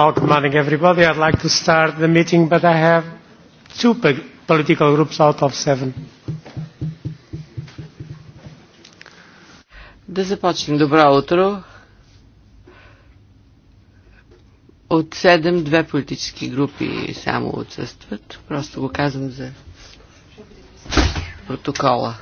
Oh, good morning, everybody. I'd like to start the meeting, but I have two political groups out of seven. Да започнем. Добро утро. От седем две политически групи само отсъстват. Просто го казвам за протокола.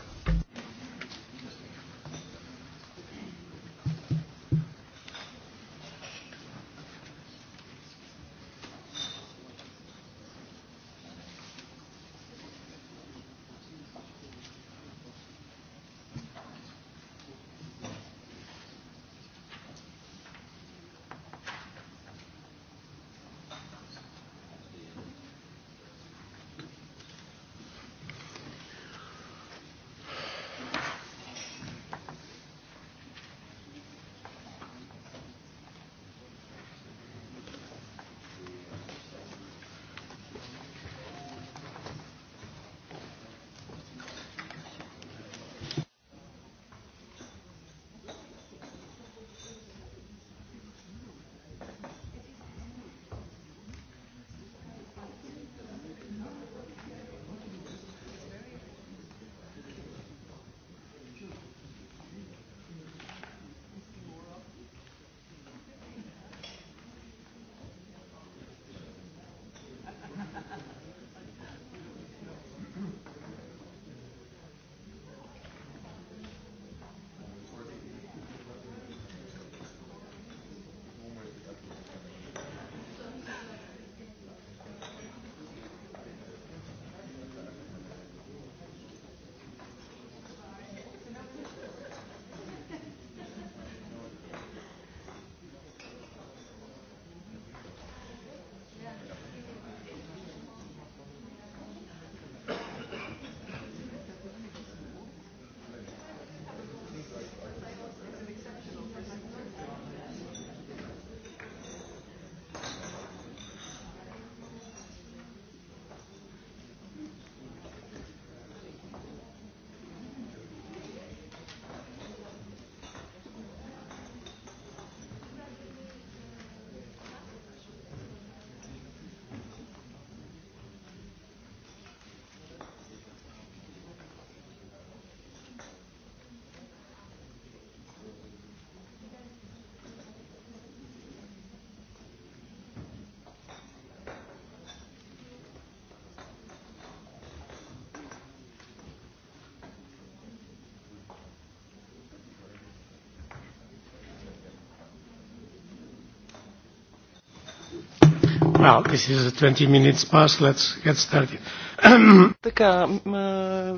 Now, this is 20 minutes past, let's get started. така,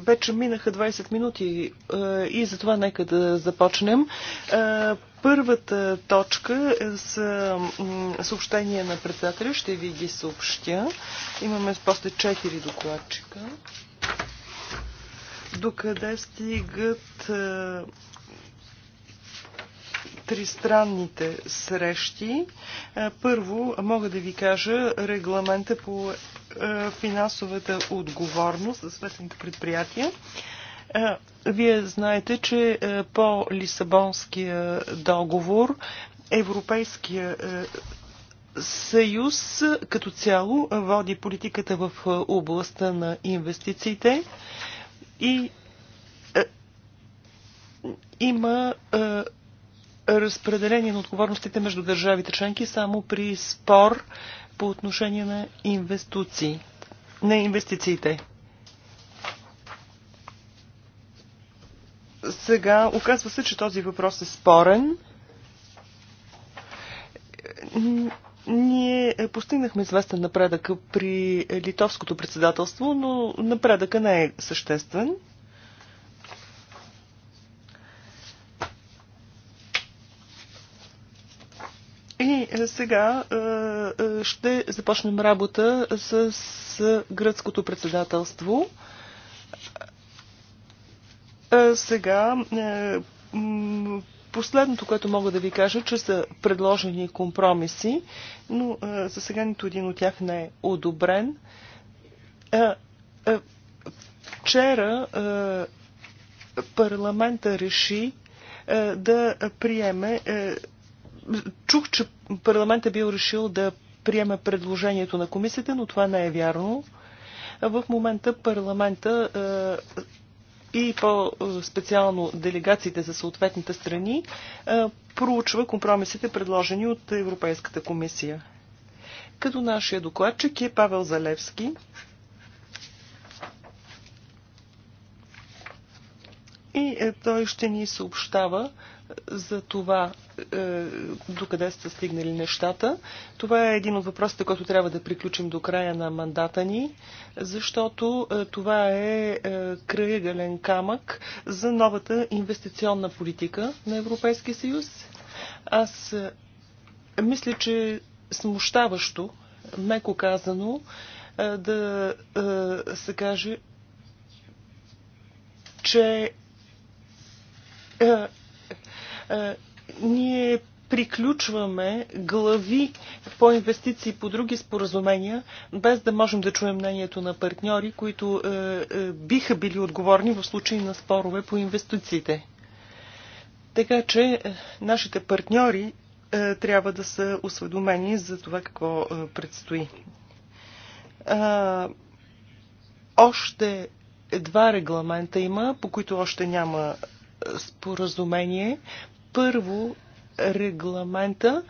вече минаха 20 минути и затова нека да започнем. Първата точка е с съобщение на председателя. Ще ви ги съобщя. Имаме после 4 докладчика. Докъде стигат тристранните срещи. Е, първо, мога да ви кажа регламента по е, финансовата отговорност за свестните предприятия. Е, вие знаете, че по Лисабонския договор Европейския съюз като цяло води политиката в областта на инвестициите и има разпределение на отговорностите между държавите членки само при спор по отношение на инвестиции. На инвестициите. Сега, оказва се, че този въпрос е спорен. Ние постигнахме известен напредък при литовското председателство, но напредъка не е съществен. И е, сега е, е, ще започнем работа с гръцкото председателство. Сега последното, което мога да ви кажа, че са предложени компромиси, но за сега нито един от тях не е одобрен. Вчера парламента реши да приеме чух, че парламент е бил решил да приеме предложението на комисията, но това не е вярно. В момента парламента е, и по-специално делегациите за съответните страни е, проучва компромисите, предложени от Европейската комисия. Като нашия докладчик е Павел Залевски. И е, той ще ни съобщава за това е, докъде са стигнали нещата. Това е един от въпросите, който трябва да приключим до края на мандата ни, защото е, това е, е камък за новата инвестиционна политика на Европейския съюз. Аз е, мисля, че смущаващо, меко казано, е, да е, се каже, че е, е, ние приключваме глави по инвестиции по други споразумения, без да можем да чуем мнението на партньори, които е, е, биха били отговорни в случай на спорове по инвестициите. Така че е, нашите партньори е, трябва да са осведомени за това какво е, предстои. Е, още два регламента има, по които още няма е, споразумение. Първо, регламента,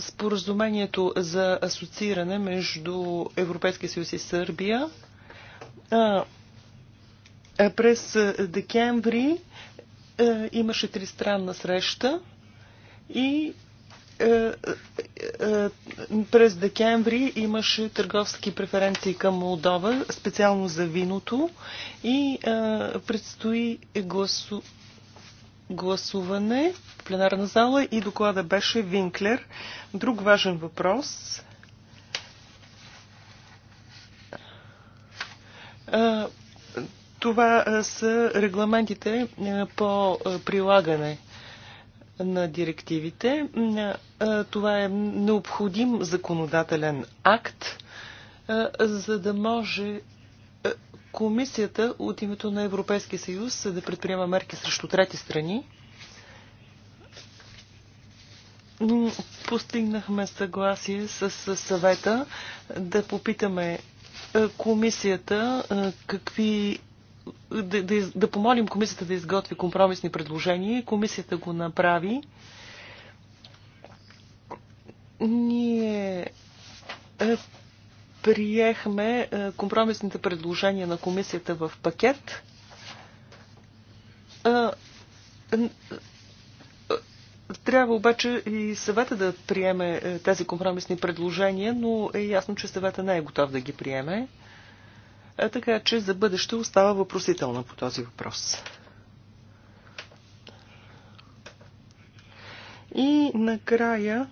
споразумението за асоцииране между Европейския съюз и Сърбия. През декември имаше тристранна среща и през декември имаше търговски преференции към Молдова, специално за виното и предстои гласу гласуване в пленарна зала и доклада беше Винклер. Друг важен въпрос. Това са регламентите по прилагане на директивите. Това е необходим законодателен акт, за да може комисията от името на Европейския съюз да предприема мерки срещу трети страни. Постигнахме съгласие с съвета да попитаме е, комисията е, какви да, да, да помолим комисията да изготви компромисни предложения. Комисията го направи. Ние е, приехме е, компромисните предложения на комисията в пакет. Е, е, трябва обаче и съвета да приеме тези компромисни предложения, но е ясно, че съвета не е готов да ги приеме. така че за бъдеще остава въпросителна по този въпрос. И накрая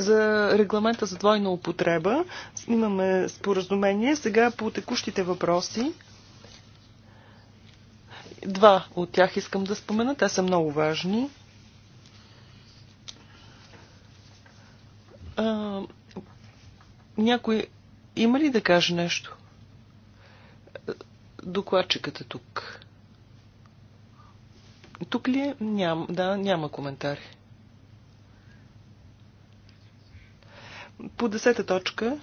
за регламента за двойна употреба. Имаме споразумение. Сега по текущите въпроси. Два от тях искам да спомена. Те са много важни. А, някой има ли да каже нещо? Докладчикът е тук. Тук ли е? Ням, да, няма коментари. По десета точка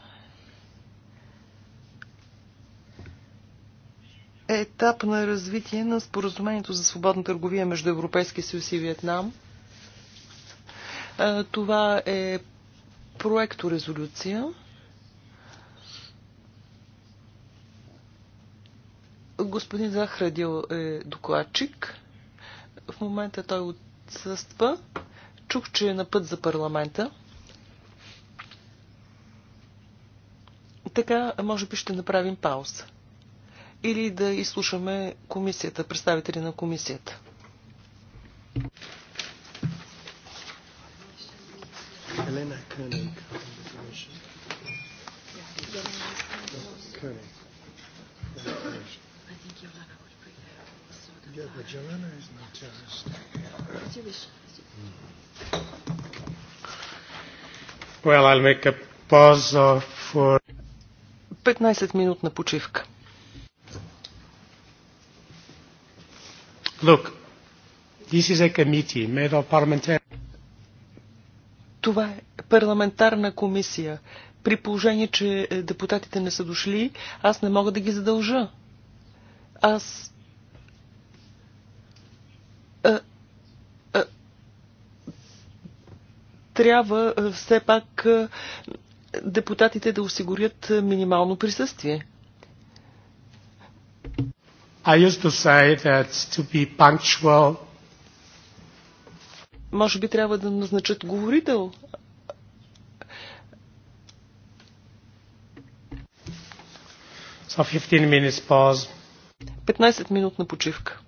е етап на развитие на споразумението за свободна търговия между Европейския съюз и Виетнам. Е, това е проекто резолюция. Господин Захрадил е докладчик. В момента той отсъства. Чух, че е на път за парламента. Така, може би ще направим пауза. Или да изслушаме комисията, представители на комисията. Елена Кънинг. Well, I'll make a pause for 15-минутна почивка. Look, this is a committee made of parliamentary... Това е парламентарна комисия. При положение, че е, депутатите не са дошли, аз не мога да ги задължа. Аз... А, а, трябва все пак депутатите да осигурят минимално присъствие. I used to say that to be punctual. Може би трябва да назначат говорител. So 15 minutes pause. 15 минутна почивка.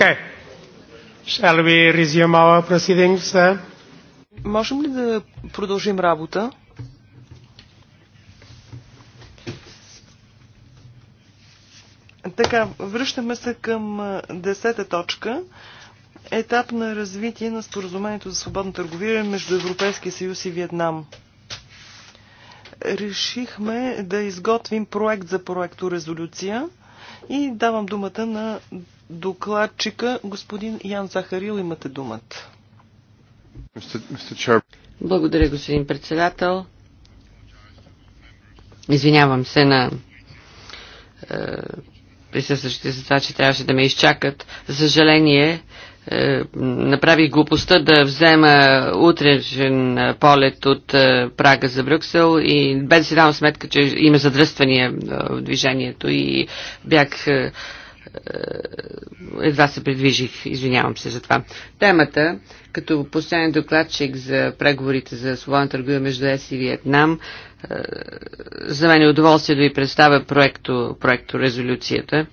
Okay. Shall we resume our proceedings? Можем ли да продължим работа? Така, връщаме се към десета точка. Етап на развитие на споразумението за свободна търговия между Европейския съюз и Виетнам. Решихме да изготвим проект за проекто резолюция и давам думата на докладчика, господин Ян Захарил, имате думата. Благодаря, господин председател. Извинявам се на е, присъстващите за това, че трябваше да ме изчакат. За съжаление, е, направих глупостта да взема утрешен е, полет от е, Прага за Брюксел и без да си давам сметка, че има задръствания е, в движението и бях е, е едва се предвижих, извинявам се за това. Темата, като последен докладчик за преговорите за свободна търговия между ЕС и Виетнам, за мен е удоволствие да ви представя проекто, проекто резолюцията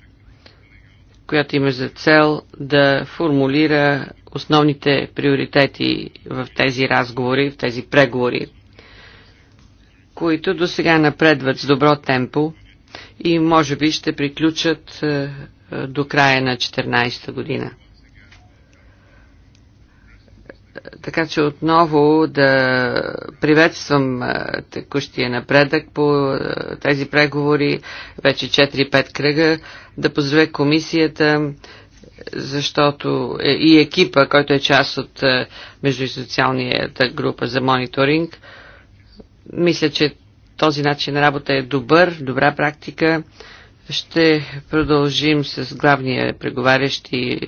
която има за цел да формулира основните приоритети в тези разговори, в тези преговори, които до сега напредват с добро темпо и може би ще приключат е, е, до края на 2014 година така че отново да приветствам текущия напредък по тези преговори, вече 4-5 кръга, да поздравя комисията, защото е, и екипа, който е част от междуинституционалната група за мониторинг, мисля, че този начин на работа е добър, добра практика. Ще продължим с главния преговарящи,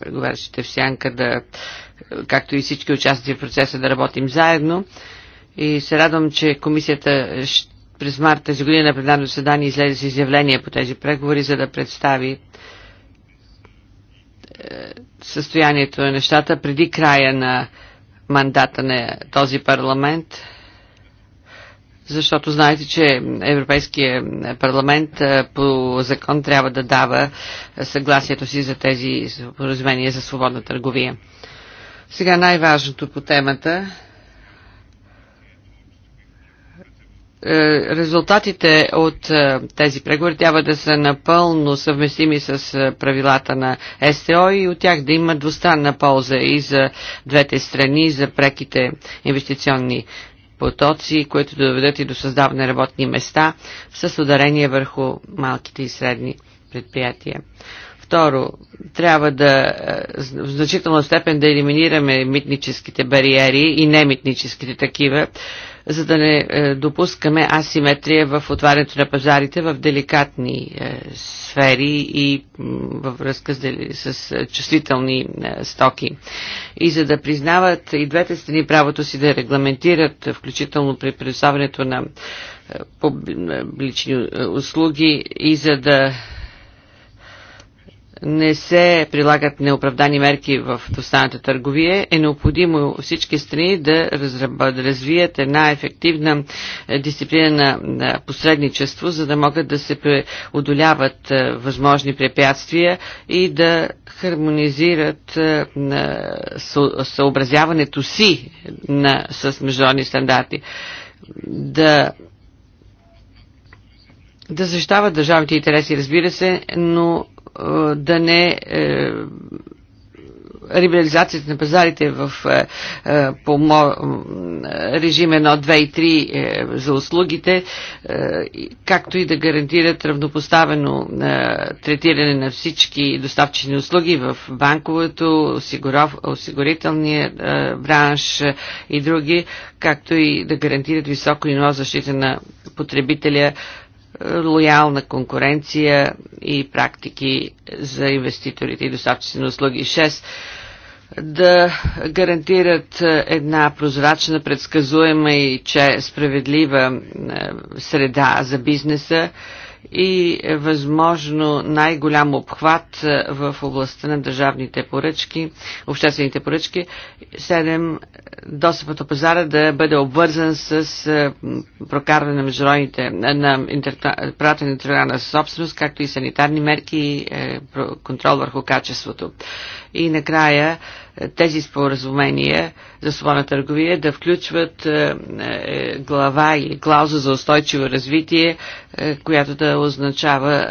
преговарящите в сянка да както и всички участници в процеса, да работим заедно. И се радвам, че комисията през март тази година на пленарно заседание излезе с изявление по тези преговори, за да представи е, състоянието на нещата преди края на мандата на този парламент, защото знаете, че Европейския парламент е, по закон трябва да дава съгласието си за тези споразумения за свободна търговия. Сега най-важното по темата. Е, резултатите от е, тези преговори трябва да са напълно съвместими с е, правилата на СТО и от тях да има двустранна полза и за двете страни, за преките инвестиционни потоци, които да доведат и до създаване работни места с ударение върху малките и средни предприятия. Второ, трябва да е, в значителна степен да елиминираме митническите бариери и немитническите такива, за да не е, допускаме асиметрия в отварянето на пазарите в деликатни е, сфери и във връзка с, чувствителни стоки. И за да признават и двете страни правото си да регламентират, включително при предоставянето на публични услуги и за да не се прилагат неоправдани мерки в двустранната търговия, е необходимо всички страни да, развият една ефективна е, дисциплина на, е, посредничество, за да могат да се преодоляват е, възможни препятствия и да хармонизират съобразяването си на, с международни стандарти. Да да защитават държавните интереси, разбира се, но е, да не е, либерализацията на пазарите в е, по режим 1, 2 и 3 за услугите, както и да гарантират равнопоставено третиране на всички доставчени услуги в банковото, осигурителния бранш и други, както и да гарантират високо ниво защита на потребителя лоялна конкуренция и практики за инвеститорите и доставчици на услуги. 6 да гарантират е, една прозрачна, предсказуема и че справедлива е, среда за бизнеса, и е възможно най-голям обхват е, в областта на държавните поръчки, обществените поръчки. 7. Е, достъпът до пазара да бъде обвързан с прокарване на международните, на пратене на интелектуална собственост, както и санитарни мерки и контрол върху качеството. И накрая тези споразумения за свободна търговия да включват е, е, глава и клауза за устойчиво развитие, е, която да означава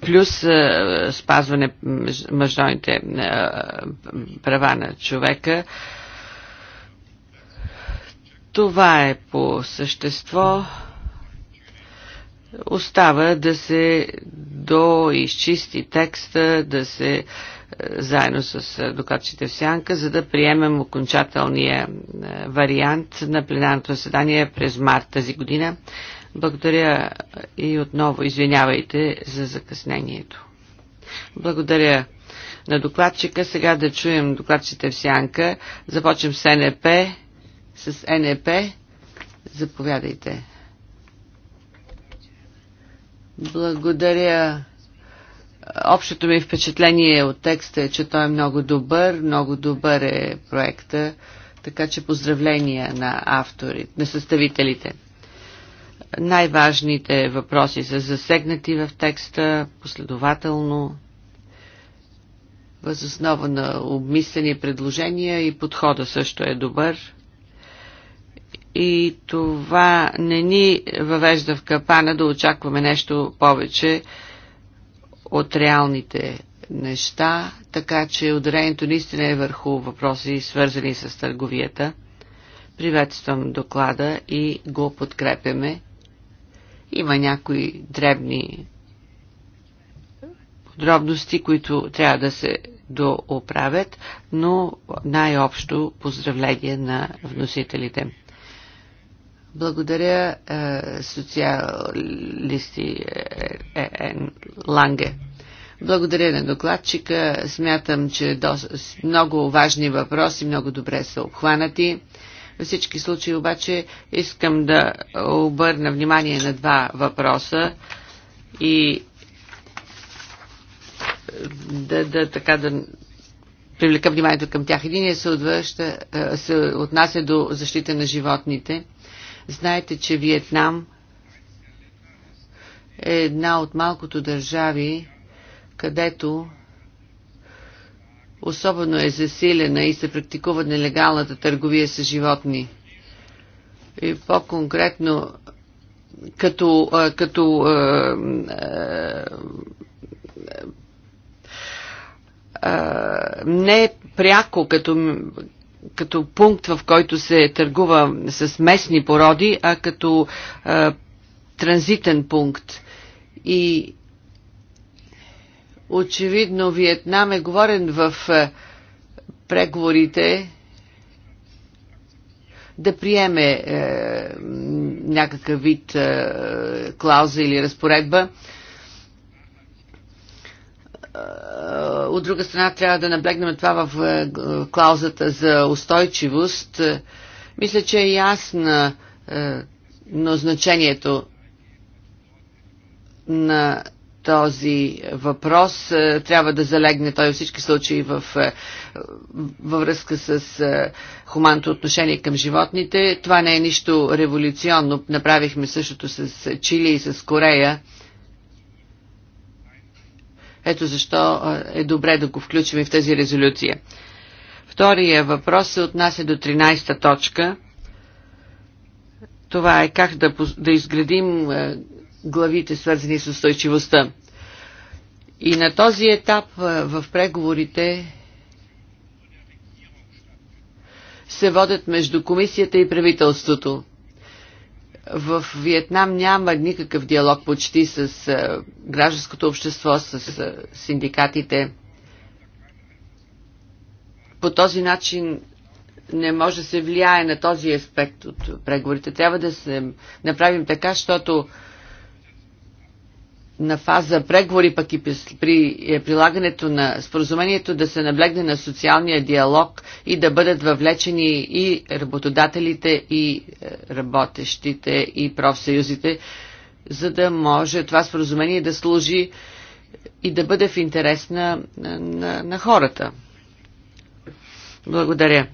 плюс спазване международните права на човека. Това е по същество. Остава да се доизчисти текста, да се е, заедно с е, докладчите в Сянка, за да приемем окончателния е, вариант на пленарното заседание през март тази година. Благодаря и отново извинявайте за закъснението. Благодаря на докладчика. Сега да чуем докладчите в Сянка. Започвам с НЕП. С НЕП. Заповядайте. Благодаря. Общото ми впечатление от текста е, че той е много добър, много добър е проекта, така че поздравления на авторите, на съставителите. Най-важните въпроси са засегнати в текста последователно, възоснова на обмислени предложения и подхода също е добър. И това не ни въвежда в капана да очакваме нещо повече от реалните неща, така че ударението наистина е върху въпроси, свързани с търговията. Приветствам доклада и го подкрепяме. Има някои дребни подробности, които трябва да се дооправят, но най-общо поздравление на вносителите. Благодаря, е, социалисти е, е, Ланге. Благодаря на докладчика. Смятам, че доста, много важни въпроси много добре са обхванати. Във всички случаи обаче искам да обърна внимание на два въпроса и да, да, така да привлека вниманието към тях. Единият се, се отнася до защита на животните – Знаете, че Виетнам е една от малкото държави, където особено е засилена и се практикува нелегалната търговия с животни. И по-конкретно, като, като не пряко като като пункт, в който се търгува с местни породи, а като а, транзитен пункт. И очевидно Виетнам е говорен в преговорите да приеме е, някакъв вид е, клауза или разпоредба, е, от друга страна трябва да наблегнем това в е, клаузата за устойчивост. Мисля, че е ясно е, но значението на този въпрос. Е, трябва да залегне той във всички случаи в, във връзка с хуманното отношение към животните. Това не е нищо революционно. Направихме същото с Чили и с Корея ето защо е добре да го включим и в тази резолюция. Втория въпрос се отнася до 13-та точка. Това е как да, да изградим главите, свързани с устойчивостта. И на този етап в преговорите се водят между комисията и правителството. В Виетнам няма никакъв диалог почти с е, гражданското общество, с е, синдикатите. По този начин не може да се влияе на този аспект от преговорите. Трябва да се направим така, защото на фаза преговори, пък и при е, прилагането на споразумението да се наблегне на социалния диалог и да бъдат въвлечени и работодателите, и е, работещите, и профсъюзите, за да може това споразумение да служи и да бъде в интерес на, на, на хората. Благодаря.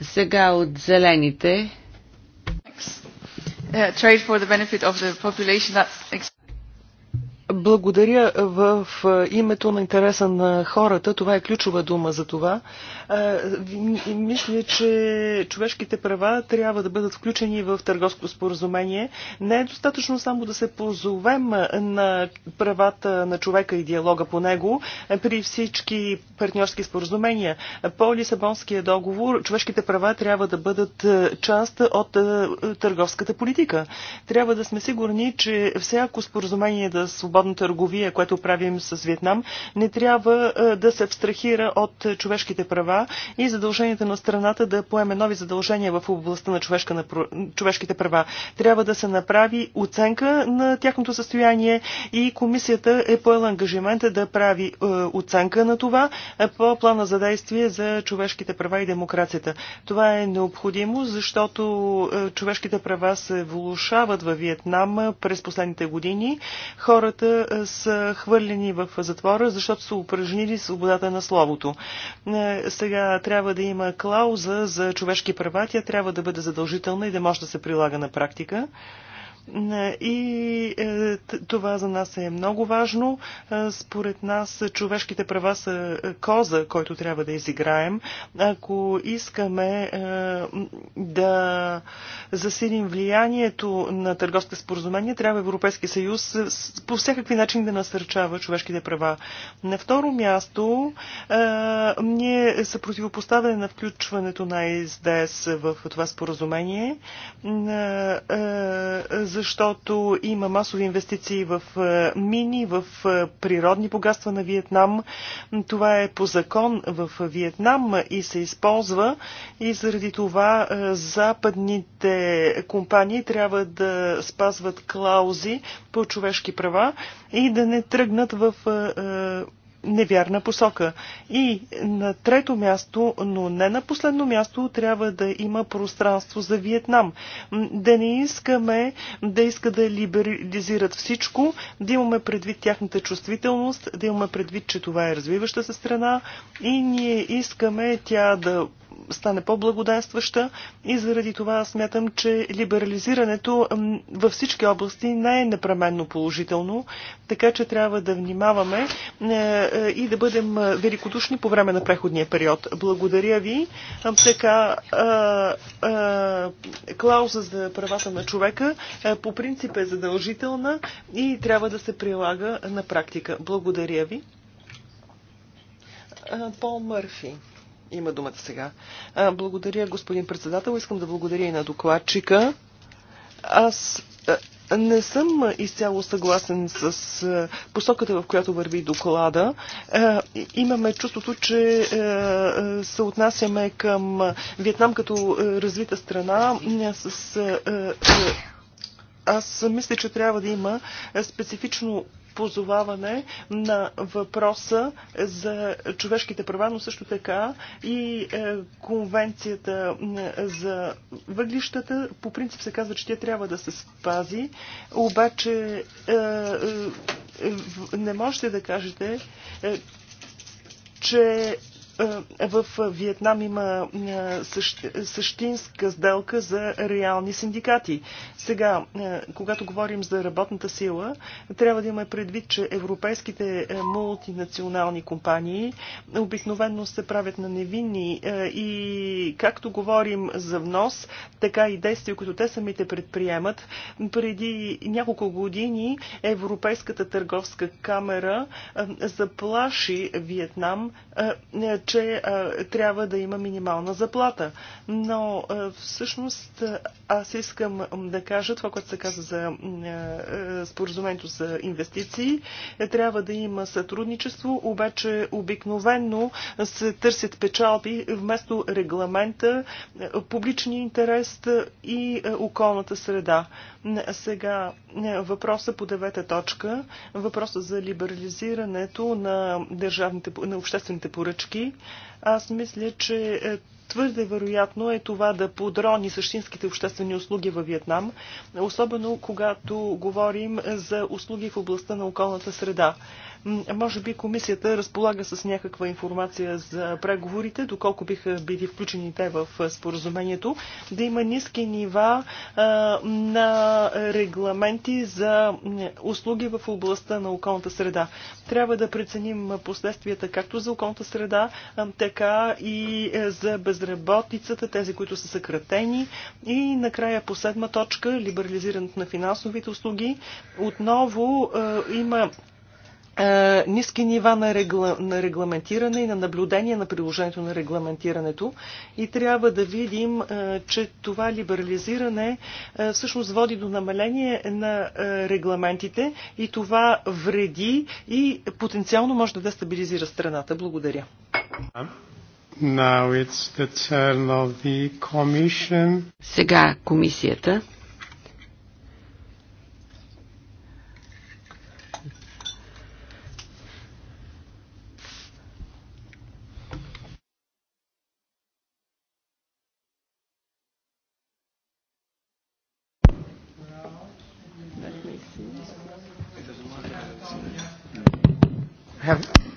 Сега от зелените. Uh, trade for the benefit of the population благодаря в името на интереса на хората. Това е ключова дума за това. Мисля, че човешките права трябва да бъдат включени в търговско споразумение. Не е достатъчно само да се позовем на правата на човека и диалога по него при всички партньорски споразумения. По Лисабонския договор човешките права трябва да бъдат част от търговската политика. Трябва да сме сигурни, че всяко споразумение за да свободна търговия, което правим с Виетнам, не трябва да се абстрахира от човешките права права и задълженията на страната да поеме нови задължения в областта на, човешка, на човешките права. Трябва да се направи оценка на тяхното състояние и комисията е поела ангажимента да прави е, оценка на това е, по плана за действие за човешките права и демокрацията. Това е необходимо, защото е, човешките права се влушават във Виетнам през последните години. Хората са хвърлени в затвора, защото са упражнили свободата на словото сега трябва да има клауза за човешки права, тя трябва да бъде задължителна и да може да се прилага на практика. И е, това за нас е много важно. Е, според нас човешките права са е, коза, който трябва да изиграем. Ако искаме да засилим влиянието на търговските споразумения, трябва Европейски съюз по всякакви начин да насърчава човешките права. На второ място, ние са противопоставени на включването на СДС в това споразумение защото има масови инвестиции в е, мини, в е, природни богатства на Виетнам. Това е по закон в Виетнам и се използва и заради това е, западните компании трябва да спазват клаузи по човешки права и да не тръгнат в невярна посока. И на трето място, но не на последно място, трябва да има пространство за Виетнам. Да не искаме да иска да либерализират всичко, да имаме предвид тяхната чувствителност, да имаме предвид, че това е развиваща се страна и ние искаме тя да стане по-благоденстваща и заради това смятам, че либерализирането във всички области не е непременно положително, така че трябва да внимаваме е, е, и да бъдем е, великодушни по време на преходния период. Благодаря ви. Така, клауза за правата на човека по принцип е задължителна и трябва да се прилага на практика. Благодаря ви. Пол Мърфи има думата сега. Благодаря, господин председател. Искам да благодаря и на докладчика. Аз не съм изцяло съгласен с посоката, в която върви доклада. Имаме чувството, че се отнасяме към Виетнам като развита страна с аз мисля, че трябва да има специфично позоваване на въпроса за човешките права, но също така и е, конвенцията за въглищата. По принцип се казва, че тя трябва да се спази, обаче е, е, не можете да кажете, че е, в Виетнам има е, същинска сделка за реални синдикати. Сега, е, когато говорим за работната сила, трябва да имаме предвид, че европейските мултинационални компании обикновенно се правят на невинни и както говорим за внос, така и действия, които те самите предприемат. Преди няколко години Европейската търговска камера заплаши Виетнам че а, е, трябва да има минимална заплата. Но а, е, всъщност аз искам да кажа това, което се каза за а, е, споразумението за инвестиции. Трябва да има сътрудничество, обаче обикновенно се търсят печалби вместо регламента, публичния интерес и околната среда. Сега въпроса по девета точка, въпроса за либерализирането на, държавните, на обществените поръчки. Аз мисля, че е, твърде вероятно е това да подрони същинските обществени услуги във Виетнам, особено когато говорим за услуги в областта на околната среда. Може би комисията разполага с някаква информация за преговорите, доколко биха били включени те в споразумението, да има ниски нива на регламенти за услуги в областта на околната среда. Трябва да преценим последствията както за околната среда, така и е, за безработицата, тези, които са съкратени. И накрая по седма точка, либерализирането на финансовите услуги. Отново е, има е, ниски нива на, регла, на регламентиране и на наблюдение на приложението на регламентирането и трябва да видим, е, че това либерализиране е, всъщност води до намаление на регламентите и това вреди и потенциално може да дестабилизира страната. Благодаря. Сега комисията.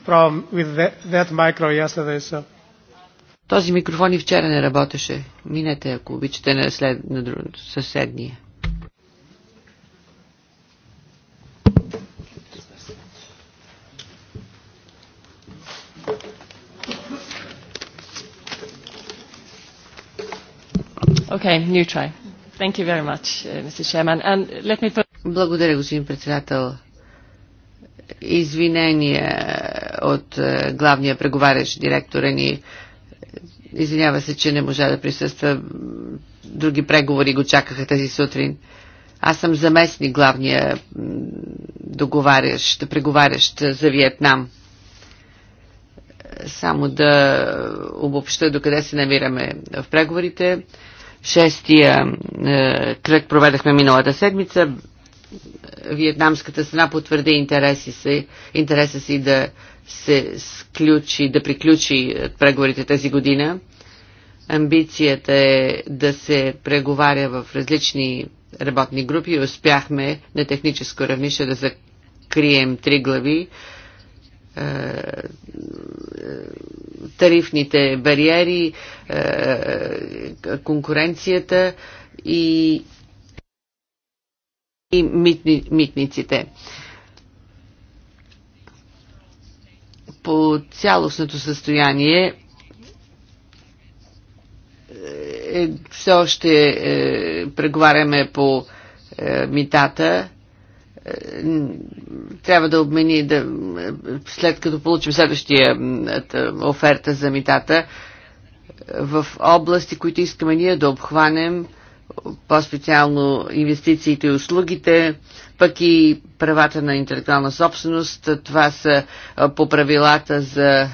problem with that, that micro yesterday, so. Този микрофон и вчера не работеше. Минете, ако обичате, на, след, на друг, съседния. Okay, new try. Thank you very much, uh, Mr. Chairman. And let me put... Благодаря, господин председател. Извинения от е, главния преговарящ директора ни. Извинява се, че не можа да присъства. Други преговори го чакаха тази сутрин. Аз съм заместник главния договарящ, преговарящ за Виетнам. Само да обобща докъде се намираме в преговорите. Шестия е, кръг проведахме миналата седмица. Виетнамската страна потвърди интереси си, интереса си да се сключи, да приключи преговорите тази година. Амбицията е да се преговаря в различни работни групи успяхме на техническо равнище да закрием три глави. Е, тарифните бариери, е, конкуренцията и, и митни, митниците. по цялостното състояние е, е, все още е, преговаряме по е, митата. Е, трябва да обмени, да, след като получим следващия оферта за митата, в области, които искаме ние да обхванем, по-специално инвестициите и услугите, пък и правата на интелектуална собственост. Това са по правилата за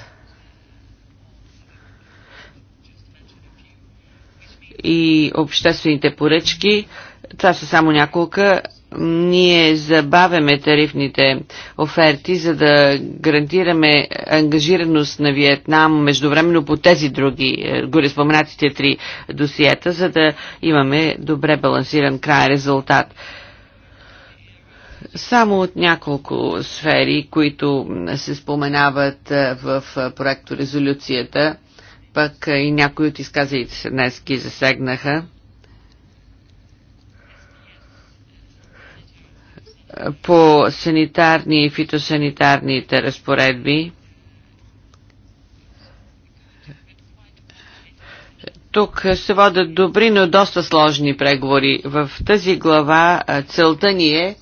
и обществените поръчки. Това са само няколко. Ние забавяме тарифните оферти, за да гарантираме ангажираност на Виетнам междувременно по тези други е, горе споменатите три досиета, за да имаме добре балансиран край резултат. Само от няколко сфери, които се споменават е, в е, проекто резолюцията, пък е, и някои от изказалите се днес ги засегнаха. По санитарни и фитосанитарните разпоредби, Тук се водят добри, но доста сложни преговори. В тази глава целта ни е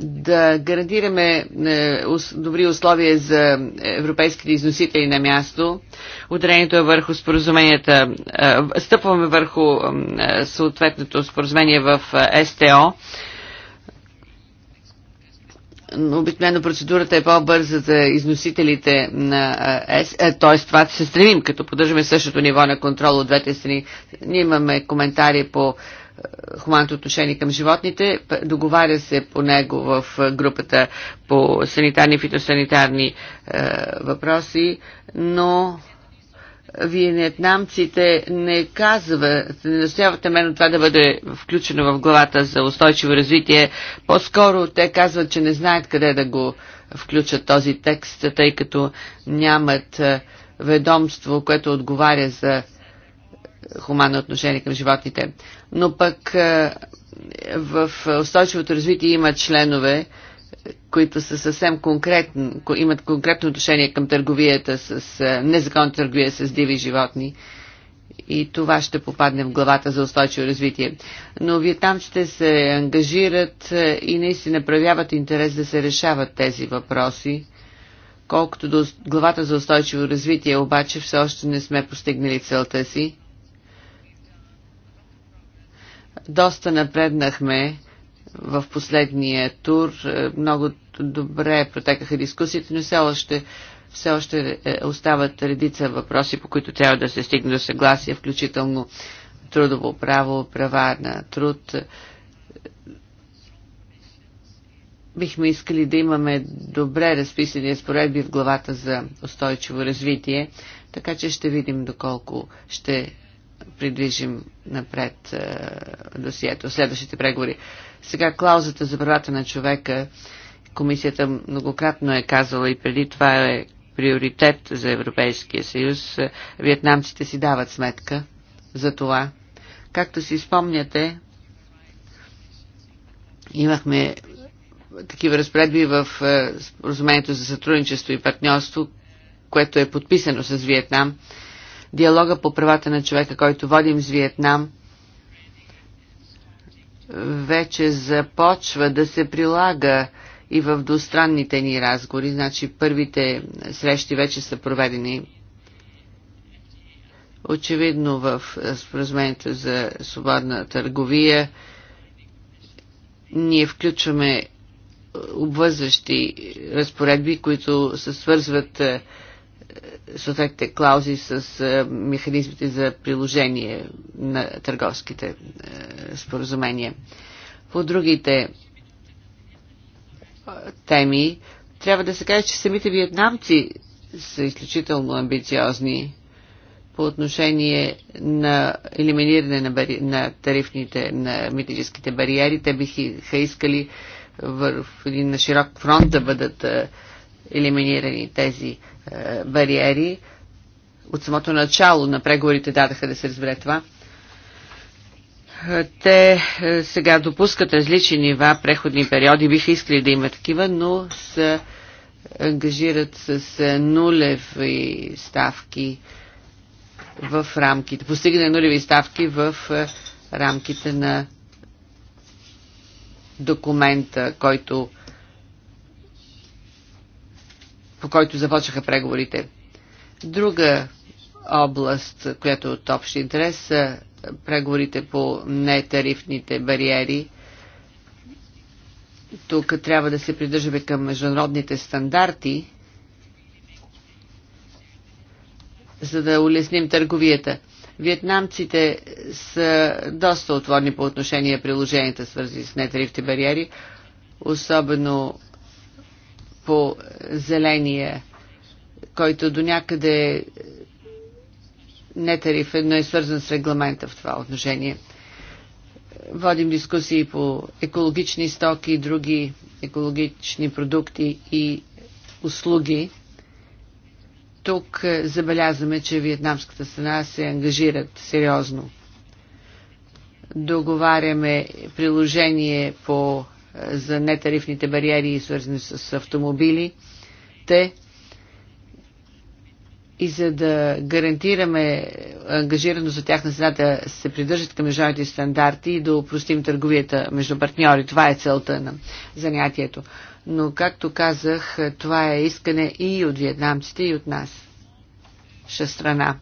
да гарантираме е, добри условия за европейските износители на място. Ударението е върху споразуменията, е, стъпваме върху е, съответното споразумение в СТО. Обикновено процедурата е по-бърза за износителите на ЕС, т.е. това се стремим, като поддържаме същото ниво на контрол от двете страни. Ние имаме коментари по хуманното отношение към животните. Договаря се по него в групата по санитарни и фитосанитарни е, въпроси, но виетнамците не казват, не настоявате мен това да бъде включено в главата за устойчиво развитие. По-скоро те казват, че не знаят къде да го включат този текст, тъй като нямат е, ведомство, което отговаря за хуманно отношение към животните. Но пък е, в устойчивото развитие има членове, които са съвсем конкретни, имат конкретно отношение към търговията с е, незаконна търговия с диви животни. И това ще попадне в главата за устойчиво развитие. Но вьетнамците се ангажират е, и наистина проявяват интерес да се решават тези въпроси. Колкото до главата за устойчиво развитие, обаче все още не сме постигнали целта си доста напреднахме в последния тур. Е, много добре протекаха дискусиите, но все още, все още е, остават редица въпроси, по които трябва да се стигне до съгласие, включително трудово право, права на труд. Е, бихме искали да имаме добре разписани разпоредби в главата за устойчиво развитие, така че ще видим доколко ще придвижим напред досието, следващите преговори. Сега клаузата за правата на човека, комисията многократно е казала и преди това е приоритет за Европейския съюз. Виетнамците си дават сметка за това. Както си спомняте, имахме такива разпредби в споразумението за сътрудничество и партньорство, което е подписано с Виетнам диалога по правата на човека, който водим с Виетнам, вече започва да се прилага и в двустранните ни разговори, значи първите срещи вече са проведени. Очевидно в споразумението за свободна търговия ние включваме обвързващи разпоредби, които се свързват съответните клаузи с е, механизмите за приложение на търговските е, споразумения. По другите е, теми, трябва да се каже, че самите виетнамци са изключително амбициозни по отношение на елиминиране на, бари... на тарифните, на митническите бариери. Те биха искали в един на широк фронт да бъдат е, елиминирани тези е, бариери. От самото начало на преговорите дадаха да се разбере това. Е, те е, сега допускат различни нива, преходни периоди, биха искали да има такива, но се ангажират с нулеви ставки в рамките, постигане нулеви ставки в рамките на документа, който по който започнаха преговорите. Друга област, която е от общ интерес, са преговорите по нетарифните бариери. Тук трябва да се придържаме към международните стандарти, за да улесним търговията. Вьетнамците са доста отворни по отношение приложенията, свързани с нетарифните бариери, особено по зеления, който до някъде е но е свързан с регламента в това отношение. Водим дискусии по екологични стоки и други екологични продукти и услуги. Тук е, забелязваме, че вьетнамската страна се ангажират сериозно. Договаряме приложение по за нетарифните бариери, свързани с автомобили, те и за да гарантираме ангажирано за тях на да се придържат към международните стандарти и да упростим търговията между партньори. Това е целта на занятието. Но, както казах, това е искане и от вьетнамците, и от нас. Ша страна.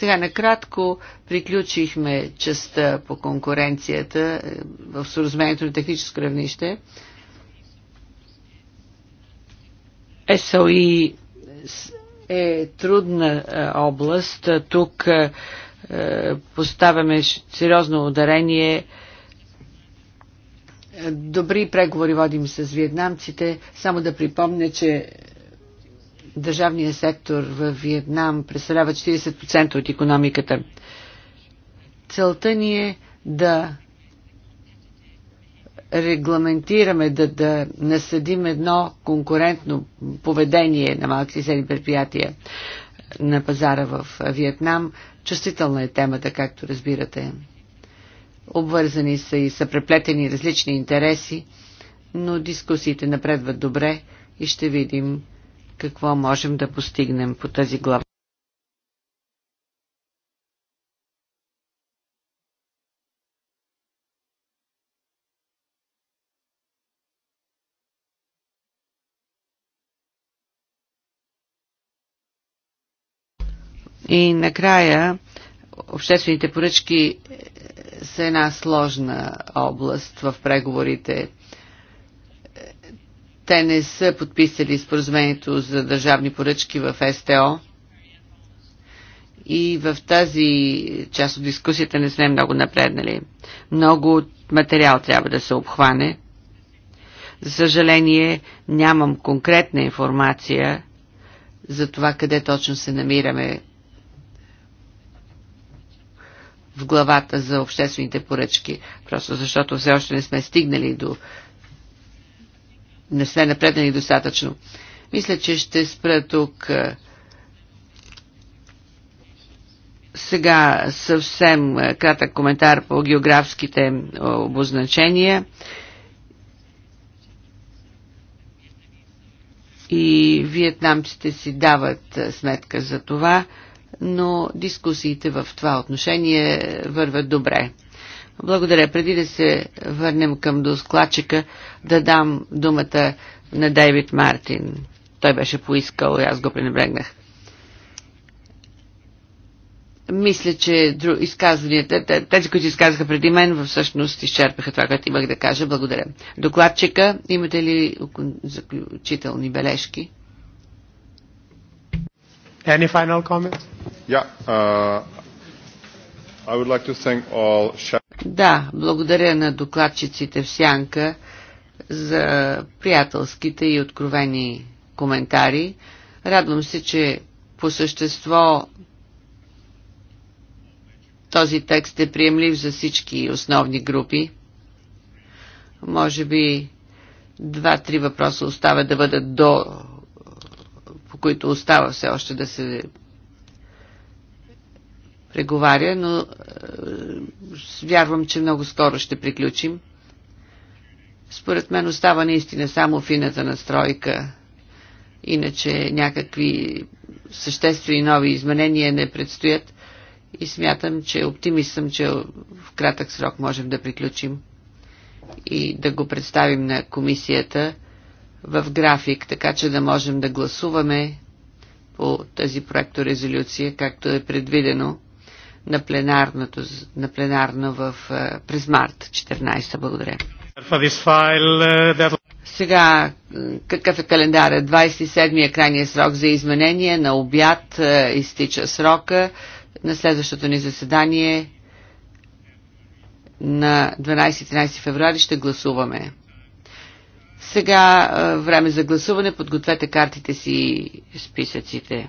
Сега накратко приключихме частта по конкуренцията е, в Съразумението на техническо равнище. СОИ е трудна е, област. Тук е, поставяме сериозно ударение. Добри преговори водим с виетнамците, Само да припомня, че държавния сектор в Виетнам представлява 40% от економиката. Целта ни е да регламентираме, да, да насъдим едно конкурентно поведение на малки и средни предприятия на пазара в Виетнам. Чувствителна е темата, както разбирате. Обвързани са и са преплетени различни интереси, но дискусиите напредват добре и ще видим какво можем да постигнем по тази глава. И накрая обществените поръчки са една сложна област в преговорите те не са подписали споразумението за държавни поръчки в СТО. И в тази част от дискусията не сме много напреднали. Много материал трябва да се обхване. За съжаление, нямам конкретна информация за това къде точно се намираме в главата за обществените поръчки, просто защото все още не сме стигнали до не сме напреднали достатъчно. Мисля, че ще спра тук сега съвсем кратък коментар по географските обозначения. И виетнамците си дават сметка за това, но дискусиите в това отношение върват добре. Благодаря. Преди да се върнем към доскладчика, да дам думата на Дейвид Мартин. Той беше поискал и аз го пренебрегнах. Мисля, че изказванията, тези, които изказаха преди мен, всъщност изчерпаха това, което имах да кажа. Благодаря. Докладчика, имате ли заключителни бележки? Any final comments? Yeah, uh, I would like to thank all да, благодаря на докладчиците в Сянка за приятелските и откровени коментари. Радвам се, че по същество този текст е приемлив за всички основни групи. Може би два-три въпроса остава да бъдат до, по които остава все още да се преговаря, но е, вярвам, че много скоро ще приключим. Според мен остава наистина само фината настройка. Иначе някакви съществени нови изменения не предстоят и смятам, че оптимист съм, че в кратък срок можем да приключим и да го представим на комисията в график, така че да можем да гласуваме по тази проекторезолюция, както е предвидено на, пленарното, на пленарно в, е, през март 14. Благодаря. Сега, какъв е календаря? 27 я е крайния срок за изменение. На обяд е, изтича срока. На следващото ни заседание на 12-13 февруари ще гласуваме. Сега време за гласуване. Подгответе картите си, списъците.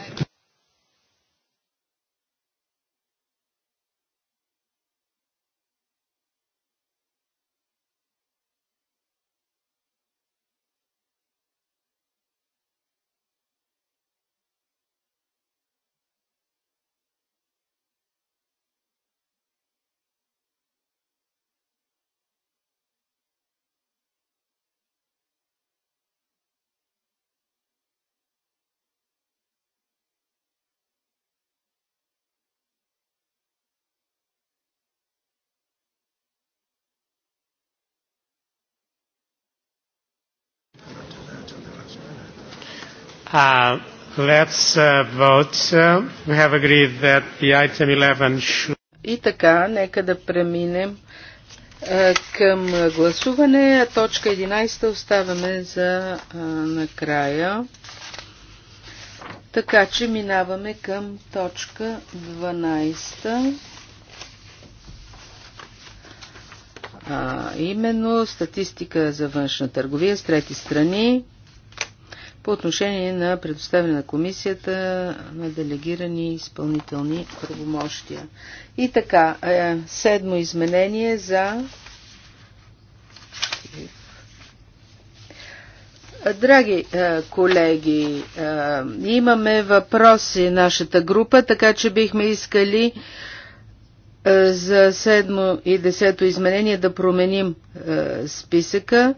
Uh, let's uh, vote. Uh, we have agreed that the item 11 should... И така, нека да преминем е, към гласуване. Точка 11 оставяме за е, накрая. Така че минаваме към точка 12. А, именно статистика за външна търговия с трети страни по отношение на предоставяне на комисията на делегирани изпълнителни правомощия. И така, е, седмо изменение за. Драги е, колеги, е, имаме въпроси нашата група, така че бихме искали е, за седмо и десето изменение да променим е, списъка.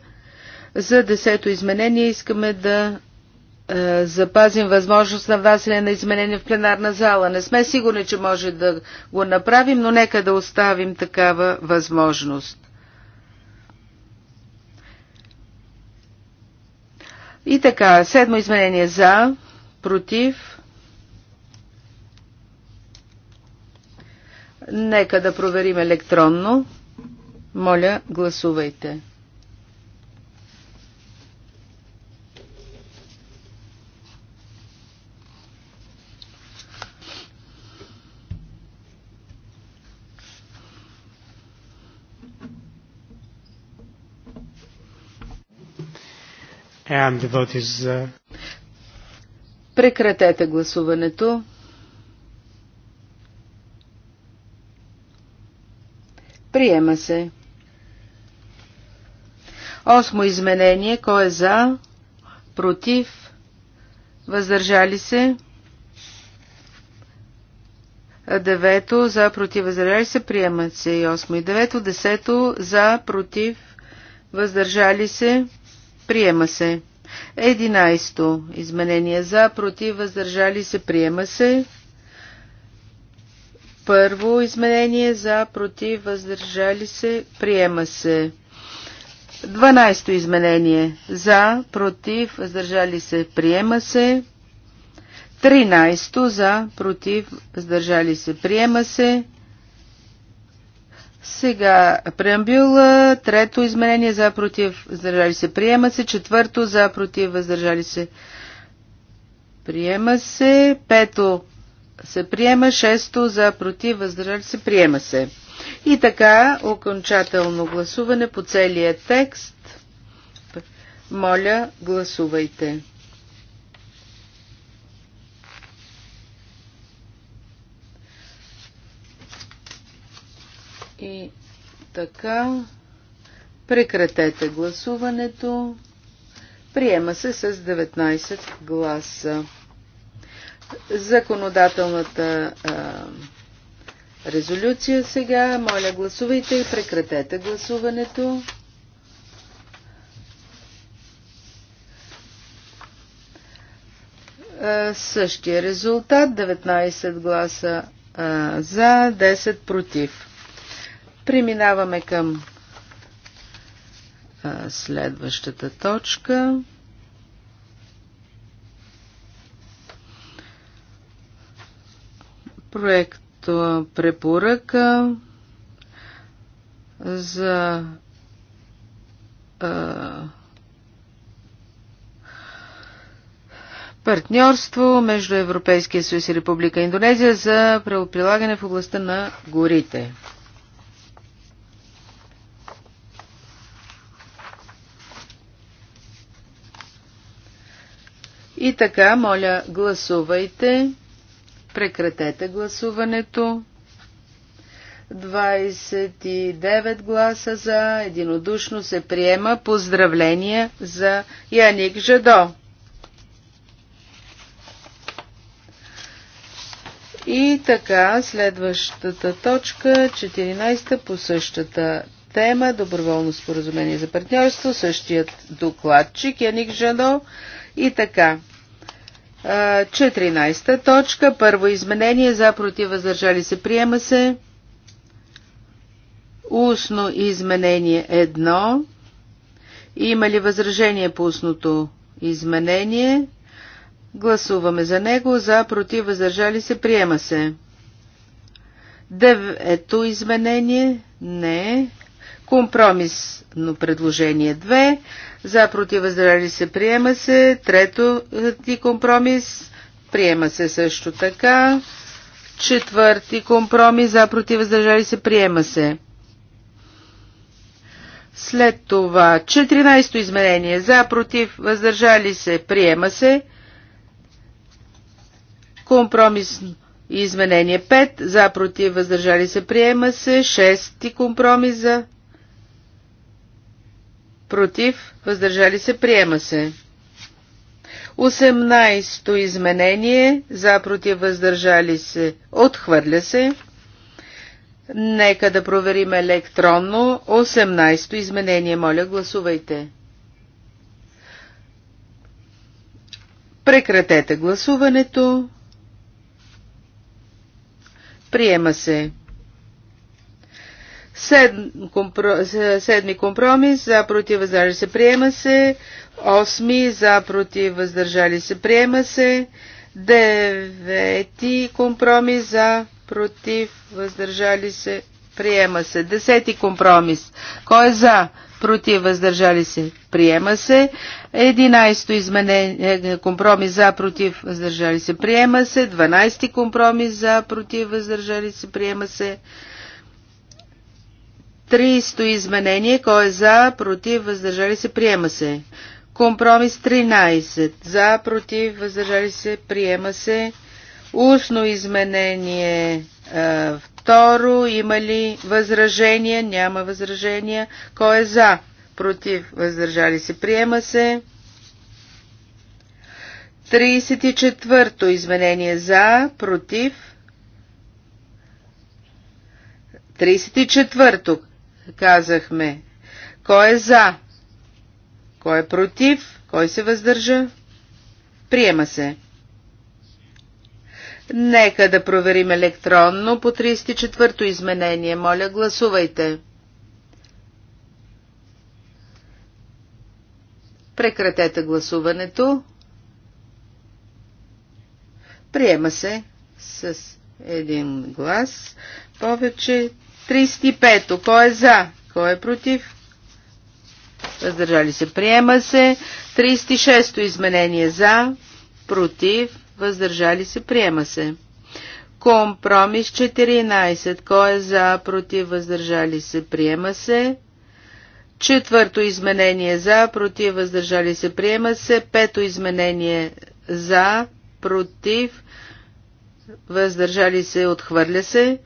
За десето изменение искаме да е, запазим възможност на внасяне на изменения в пленарна зала. Не сме сигурни, че може да го направим, но нека да оставим такава възможност. И така, седмо изменение за, против. Нека да проверим електронно. Моля, гласувайте. And the vote is, uh... Прекратете гласуването. Приема се. Осмо изменение. Кой е за? Против? Въздържали се? Девето. За, против, въздържали се. Приемат се и осмо и девето. Десето. За, против, въздържали се. Приема се. 11. Изменение за, против, въздържали се, приема се. Първо изменение за, против, въздържали се, приема се. 12. Изменение за, против, въздържали се, приема се. 13. За, против, въздържали се, приема се. Сега, преамбюла, трето изменение за против, въздържали се, приема се, четвърто за против, въздържали се, приема се, пето се приема, шесто за против, въздържали се, приема се. И така, окончателно гласуване по целия текст. Моля, гласувайте. И така, прекратете гласуването. Приема се с 19 гласа. Законодателната а, резолюция сега. Моля, гласувайте и прекратете гласуването. А, същия резултат 19 гласа а, за, 10 против. Преминаваме към а, следващата точка. Проект препоръка за а, партньорство между Европейския съюз и Република Индонезия за правоприлагане в областта на горите. И така, моля, гласувайте. Прекратете гласуването. 29 гласа за, единодушно се приема. Поздравления за Яник Жадо. И така, следващата точка, 14 та по същата тема, доброволно споразумение за партньорство, същият докладчик Яник Жадо. И така. 14 точка. Първо изменение за против въздържали се приема се. Устно изменение 1. Има ли възражение по устното изменение? Гласуваме за него. За против въздържали се приема се. Девето изменение? Не. Компромисно предложение 2. За против въздържали се приема се. Трето ти компромис. Приема се също така. Четвърти компромис. За против въздържали се приема се. След това 14-то изменение. За против въздържали се приема се. Компромис Изменение 5. За против въздържали се приема се. 6. Компромис за против, въздържали се, приема се. 18-то изменение, за, против, въздържали се, отхвърля се. Нека да проверим електронно. 18-то изменение, моля, гласувайте. Прекратете гласуването. Приема се. Седми компромис, за против въздържали се приема се. Осми за против въздържали се приема се. Девети компромис за против въздържали се приема се. Десети компромис. Кой е за? Против въздържали се приема се. Единайсто изменение компромис за против въздържали се приема се. Дванайсти компромис за против въздържали се приема се. Тристо изменение. Кой е за, против, въздържали се, приема се. Компромис 13. За, против, въздържали се, приема се. Устно изменение а, второ. Има ли възражения? Няма възражения. Кой е за? Против, въздържали се, приема се. 34-то изменение за, против. 34-то казахме. Кой е за? Кой е против? Кой се въздържа? Приема се. Нека да проверим електронно по 34-то изменение. Моля, гласувайте. Прекратете гласуването. Приема се с един глас повече 35 Кой е за? Кой е против? Въздържали се. Приема се. 36-то изменение за. Против. Въздържали се. Приема се. Компромис 14. Кой е за? Против. Въздържали се. Приема се. Четвърто изменение за. Против. Въздържали се. Приема се. Пето изменение за. Против. Въздържали се. Отхвърля се.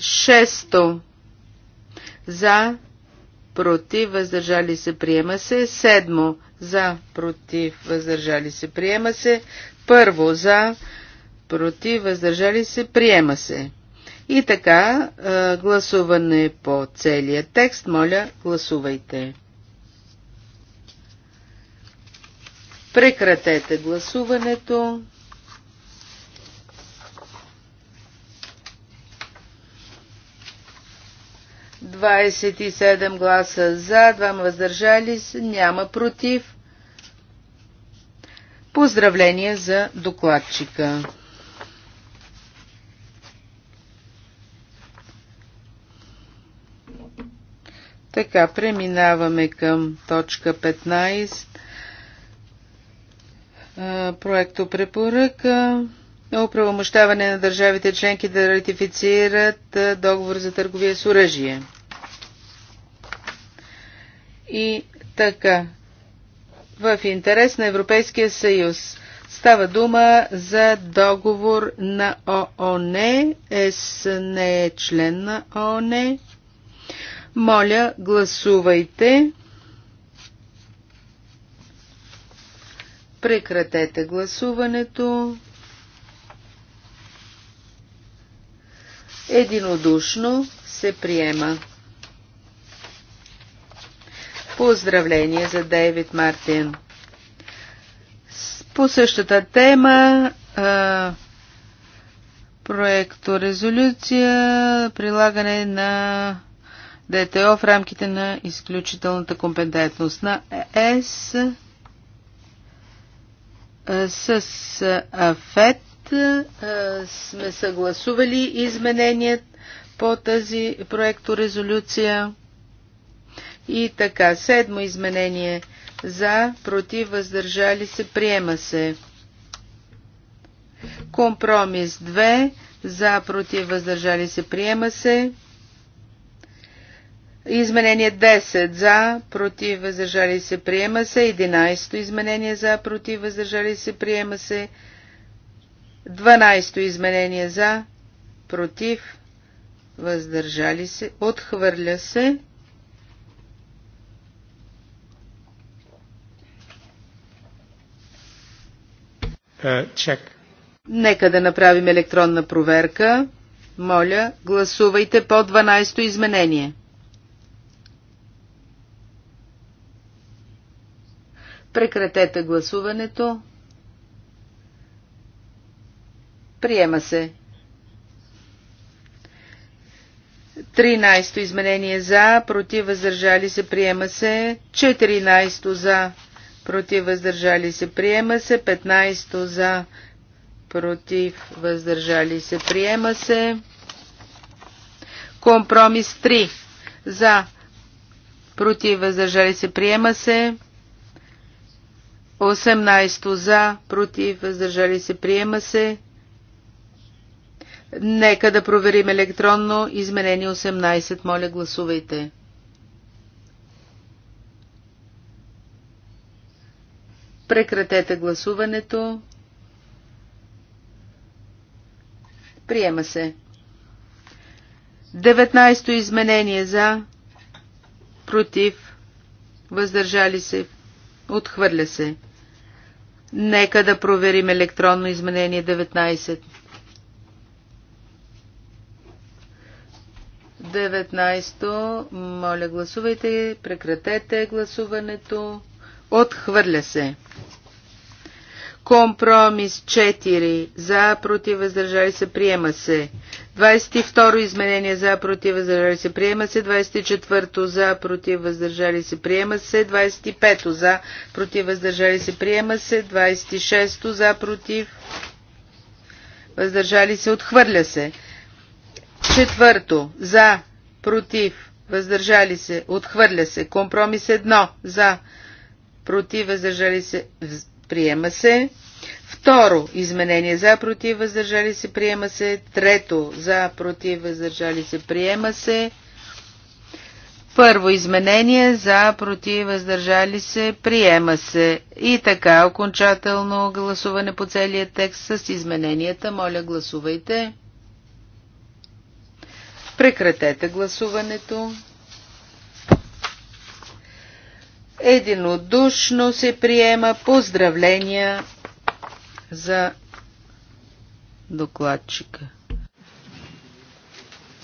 Шесто. За, против, въздържали се, приема се. Седмо. За, против, въздържали се, приема се. Първо. За, против, въздържали се, приема се. И така, гласуване по целия текст. Моля, гласувайте. Прекратете гласуването. 27 гласа за, 2 въздържали се, няма против. Поздравления за докладчика. Така, преминаваме към точка 15. Проекто препоръка. Оправомощаване на държавите членки да ратифицират договор за търговия с оръжие. И така, в интерес на Европейския съюз. Става дума за договор на ООН. ЕС не е член на ООН. Моля, гласувайте. Прекратете гласуването. Единодушно се приема. Поздравление за Дейвид Мартин. По същата тема проекто резолюция прилагане на ДТО в рамките на изключителната компетентност на ЕС с АФЕТ сме съгласували изменения по тази резолюция. И така, седмо изменение за, против, въздържали се, приема се. Компромис 2, за, против, въздържали се, приема се. Изменение 10 за, против, въздържали се, приема се. 11 изменение за, против, въздържали се, приема се. 12 изменение за, против, въздържали се, отхвърля се. check. Е, Нека да направим електронна проверка. Моля, гласувайте по 12-то изменение. Прекратете гласуването. Приема се. 13-то изменение за, против, въздържали се, приема се. 14-то за, против въздържали се, приема се. 15 за, против въздържали се, приема се. Компромис 3 за, против въздържали се, приема се. 18 за, против въздържали се, приема се. Нека да проверим електронно изменение 18. Моля, гласувайте. Прекратете гласуването. Приема се. 19 то изменение за, против, въздържали се, отхвърля се. Нека да проверим електронно изменение 19. 19. Моля, гласувайте. Прекратете гласуването. Отхвърля се. Компромис 4. За, против, въздържали се, приема се. 22 изменение за, против, въздържали се, приема се. 24 за, против, въздържали се, приема се. 25 за, против, въздържали се, приема се. 26 за, против, въздържали се, отхвърля се. Четвърто. За, против, въздържали се, отхвърля се. Компромис 1. За, против, въздържали се, приема се. Второ изменение за против, въздържали се, приема се. Трето за против, въздържали се, приема се. Първо изменение за против, въздържали се, приема се. И така, окончателно гласуване по целия текст с измененията. Моля, гласувайте. Прекратете гласуването. единодушно се приема поздравления за докладчика.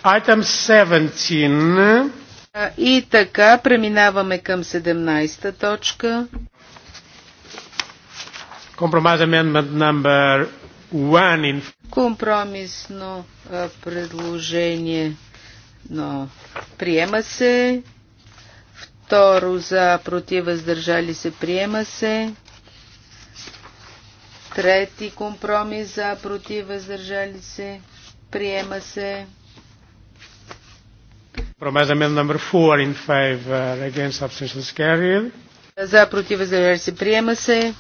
Item 17. И така, преминаваме към 17-та точка. Компромисно предложение, но приема се Второ за, против, въздържали се, приема се. Трети компромис за, против, въздържали се, приема се. Промеза мен номер 4 in favor against abstentions carried. За, против, въздържали се, приема се.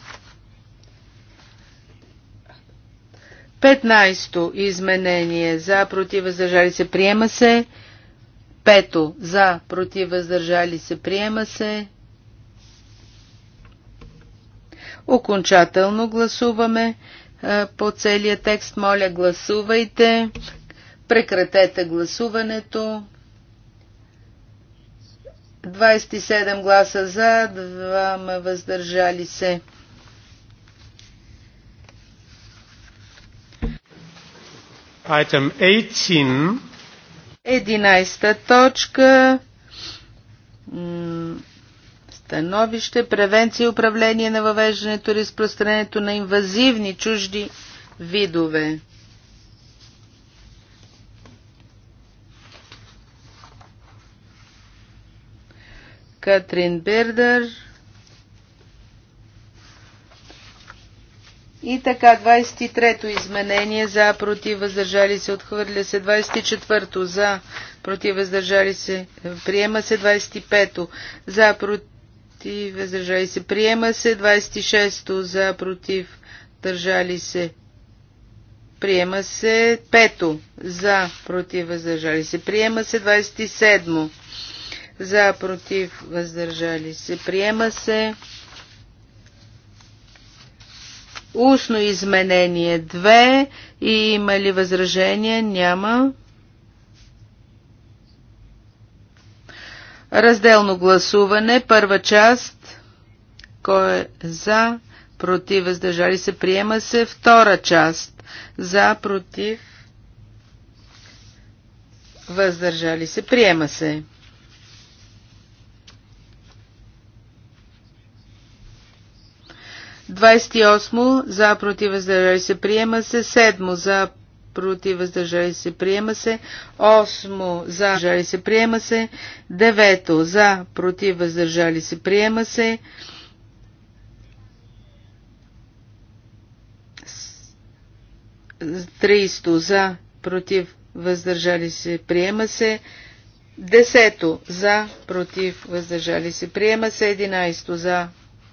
15 изменение за, против, въздържали се, приема се. Пето. За, против, въздържали се, приема се. Окончателно гласуваме по целия текст. Моля, гласувайте. Прекратете гласуването. 27 гласа за, 2 въздържали се. Item 18 Единайста точка. Становище, превенция и управление на въвеждането и разпространението на инвазивни чужди видове. Катрин Бердър И така, 23-то изменение за против въздържали се, отхвърля се. 24-то за против въздържали се, приема се. 25-то за против въздържали се, приема се. 26-то за против държали се, приема се. 5-то за против въздържали се, приема се. 27-то за против въздържали се, приема се. Устно изменение 2. И има ли възражение? Няма. Разделно гласуване. Първа част. Кой е за? Против. Въздържали се. Приема се. Втора част. За. Против. Въздържали се. Приема се. 28 за против въздържали се приема се. 7 за против въздържали се приема се. 8 за въздържали се приема се. 9 за против въздържали се приема се. 30 за против въздържали се приема се. Десето за, против, въздържали се. Приема се. Единайсто за,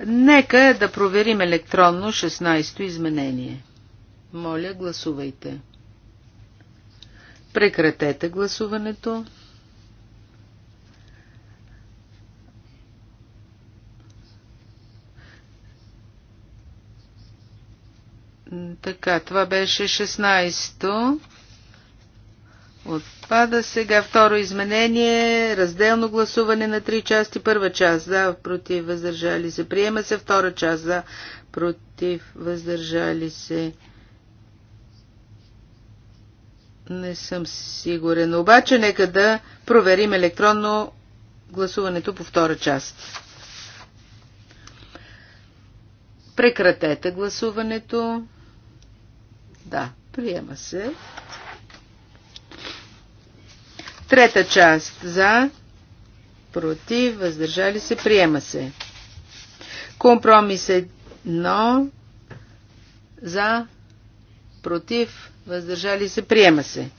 Нека да проверим електронно 16-то изменение. Моля, гласувайте. Прекратете гласуването. Така, това беше 16-то. Отпада сега второ изменение, разделно гласуване на три части. Първа част за, против, въздържали се. Приема се втора част за, против, въздържали се. Не съм сигурен. Обаче нека да проверим електронно гласуването по втора част. Прекратете гласуването. Да, приема се. Трета част за, против, въздържали се, приема се. Компромис едно за, против, въздържали се, приема се.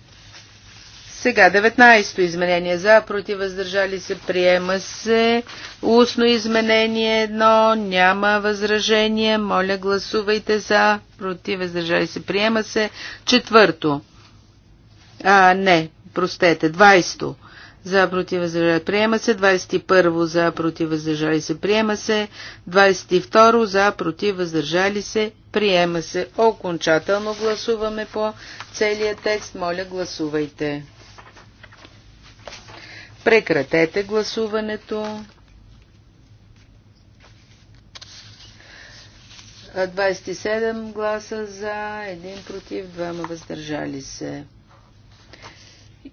Сега 19-то изменение за, против, въздържали се, приема се. Устно изменение едно, няма възражение. Моля, гласувайте за, против, въздържали се, приема се. Четвърто. А, не, простете, 20-то за против въздържали приема се, 21 за против въздържали се приема се, 22 за против въздържали се приема се. Окончателно гласуваме по целия текст. Моля, гласувайте. Прекратете гласуването. 27 гласа за, 1 против, 2 въздържали се.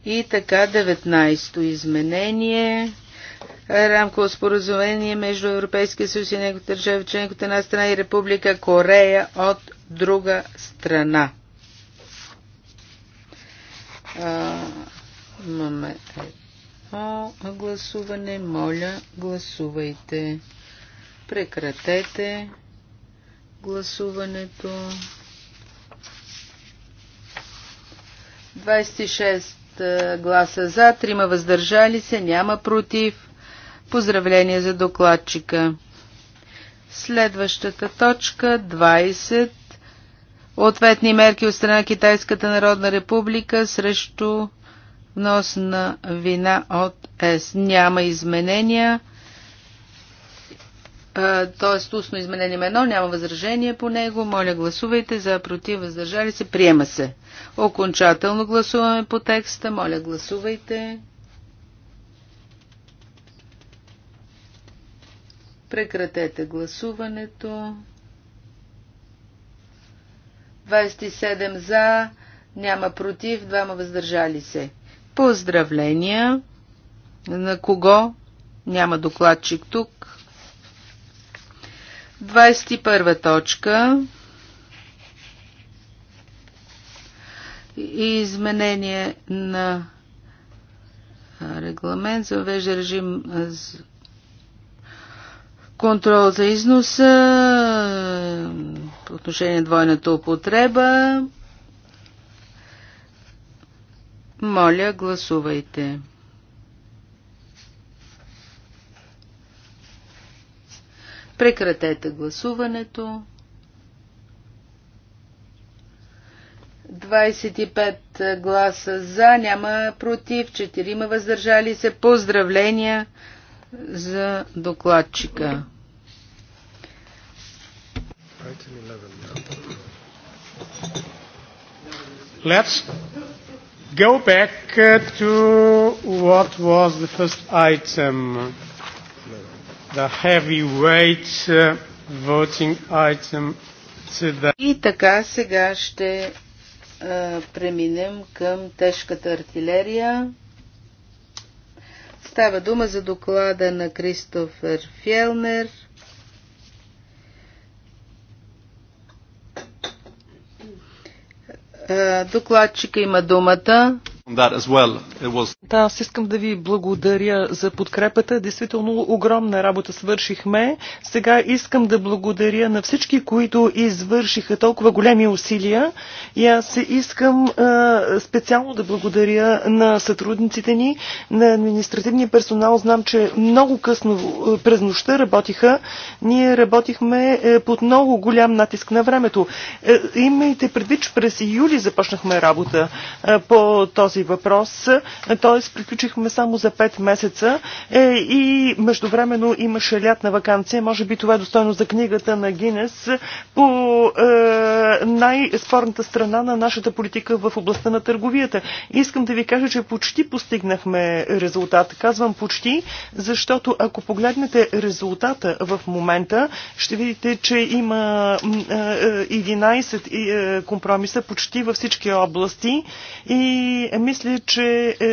И така, 19-то изменение. Рамково споразумение между Европейския съюз и неговите държави членки от една страна и Република Корея от друга страна. А, имаме едно гласуване. Моля, гласувайте. Прекратете гласуването. 26 гласа за, 3 въздържали се, няма против. Поздравление за докладчика. Следващата точка 20. Ответни мерки от страна Китайската народна република срещу внос на вина от ЕС. Няма изменения т.е. устно изменение на едно, няма възражение по него. Моля, гласувайте за, против, въздържали се, приема се. Окончателно гласуваме по текста. Моля, гласувайте. Прекратете гласуването. 27 за, няма против, двама въздържали се. Поздравления. На кого? Няма докладчик тук. 21 точка. И изменение на регламент за въвежда режим за контрол за износа по отношение на двойната употреба. Моля, гласувайте. Прекратете гласуването. 25 гласа за, няма против, 4 въздържали се. Поздравления за докладчика. Let's go back uh, to what was the first item the uh, voting item И така сега ще а, преминем към тежката артилерия. Става дума за доклада на Кристофер Фелнер. Докладчика има думата. Well. Was... Да, аз искам да ви благодаря за подкрепата. Действително огромна работа свършихме. Сега искам да благодаря на всички, които извършиха толкова големи усилия. И аз искам специално да благодаря на сътрудниците ни, на административния персонал. Знам, че много късно през нощта работиха. Ние работихме е, под много голям натиск на времето. Е, имайте предвид, че през юли започнахме работа е, по този въпрос, т.е. приключихме само за 5 месеца е, и междувременно имаше лятна вакансия. Може би това е достойно за книгата на Гинес по е, най-спорната страна на нашата политика в областта на търговията. Искам да ви кажа, че почти постигнахме резултат. Казвам почти, защото ако погледнете резултата в момента, ще видите, че има 11 е, компромиса почти във всички области и мисля, че е,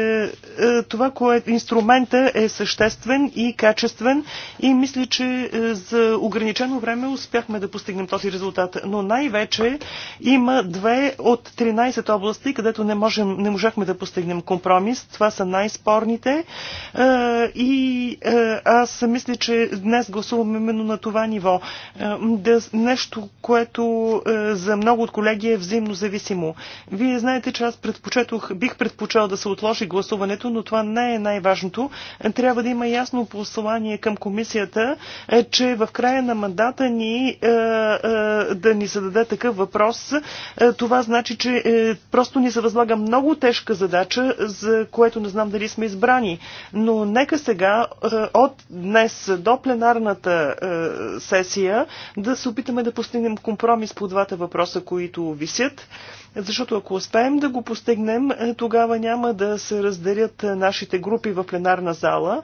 е, това, което инструмента е съществен и качествен и мисля, че е, за ограничено време успяхме да постигнем този резултат. Но най-вече има две от 13 области, където не, можем, не можахме да постигнем компромис. Това са най-спорните и аз мисля, че днес гласуваме именно на това ниво. нещо, което за много от колеги е взаимно зависимо. Вие знаете, че аз предпочетох, бих предпочел да се отложи гласуването, но това не е най-важното. Трябва да има ясно послание към комисията, е, че в края на мандата ни е, е, да ни зададе такъв въпрос. Това значи, че просто ни се възлага много тежка задача, за което не знам дали сме избрани. Но нека сега, от днес до пленарната сесия, да се опитаме да постигнем компромис по двата въпроса, които висят. Защото ако успеем да го постигнем, е, тогава няма да се разделят е, нашите групи в пленарна зала.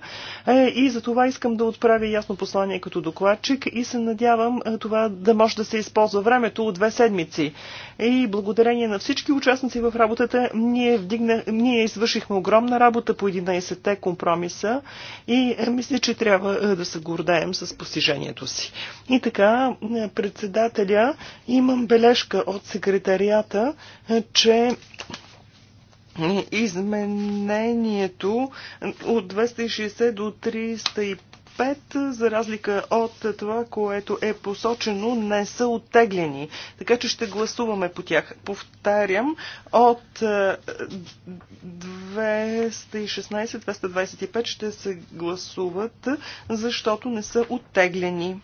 Е, и за това искам да отправя ясно послание като докладчик и се надявам това да може да се използва времето от две седмици. И благодарение на всички участници в работата, ние, вдигна, ние извършихме огромна работа по 11-те компромиса и мисля, че трябва да се гордеем с постижението си. И така, председателя, имам бележка от секретарията, че изменението от 260 до 305 5, за разлика от това, което е посочено, не са оттеглени. Така че ще гласуваме по тях. Повтарям, от 216-225 е, ще се гласуват, защото не са оттеглени.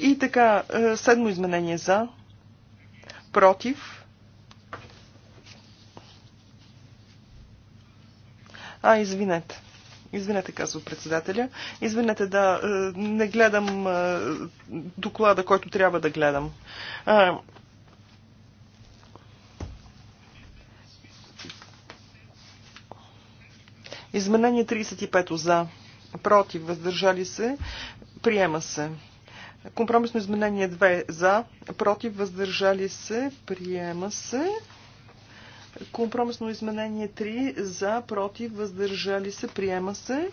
И така, е, седмо изменение за, против. А, извинете. Извинете, казва председателя. Извинете, да, е, не гледам е, доклада, който трябва да гледам. Е, изменение 35 за, против, въздържали се, приема се. Компромисно изменение 2 за, против, въздържали се, приема се. Компромисно изменение 3 за, против, въздържали се, приема се.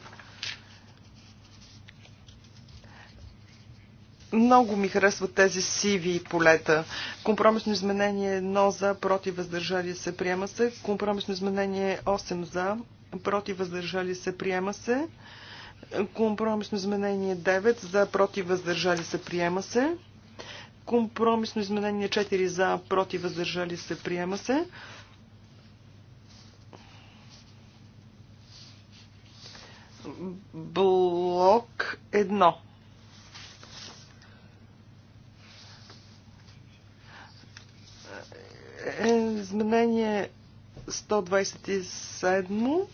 Много ми харесват тези сиви полета. Компромисно изменение 1 за, против, въздържали се, приема се. Компромисно изменение 8 за, против, въздържали се, приема се. Компромисно изменение 9 за против въздържали се приема се. Компромисно изменение 4 за против въздържали се приема се. Блок 1. Е, изменение 127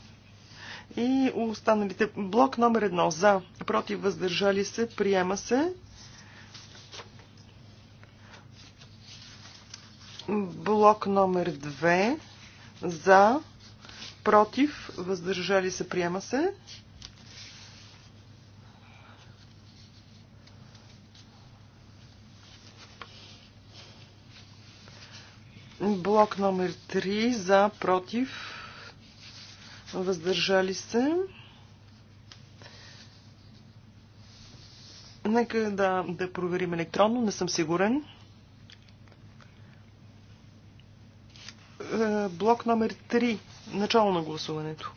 и останалите. Блок номер едно за, против, въздържали се, приема се. Блок номер две. за, против, въздържали се, приема се. Блок номер три за, против, въздържали се. Нека да, да проверим електронно, не съм сигурен. Е, блок номер 3, начало на гласуването.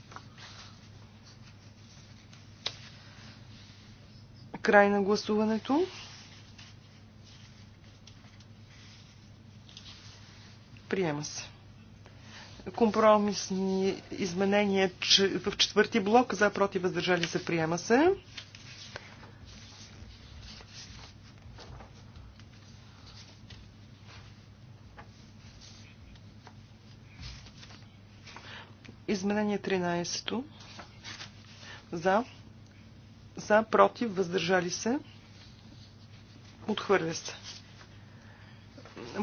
Край на гласуването. Приема се. Компромисни изменения в четвърти блок за против въздържали се приема се. Изменение 13. -то. За. За, против, въздържали се. Отхвърля се.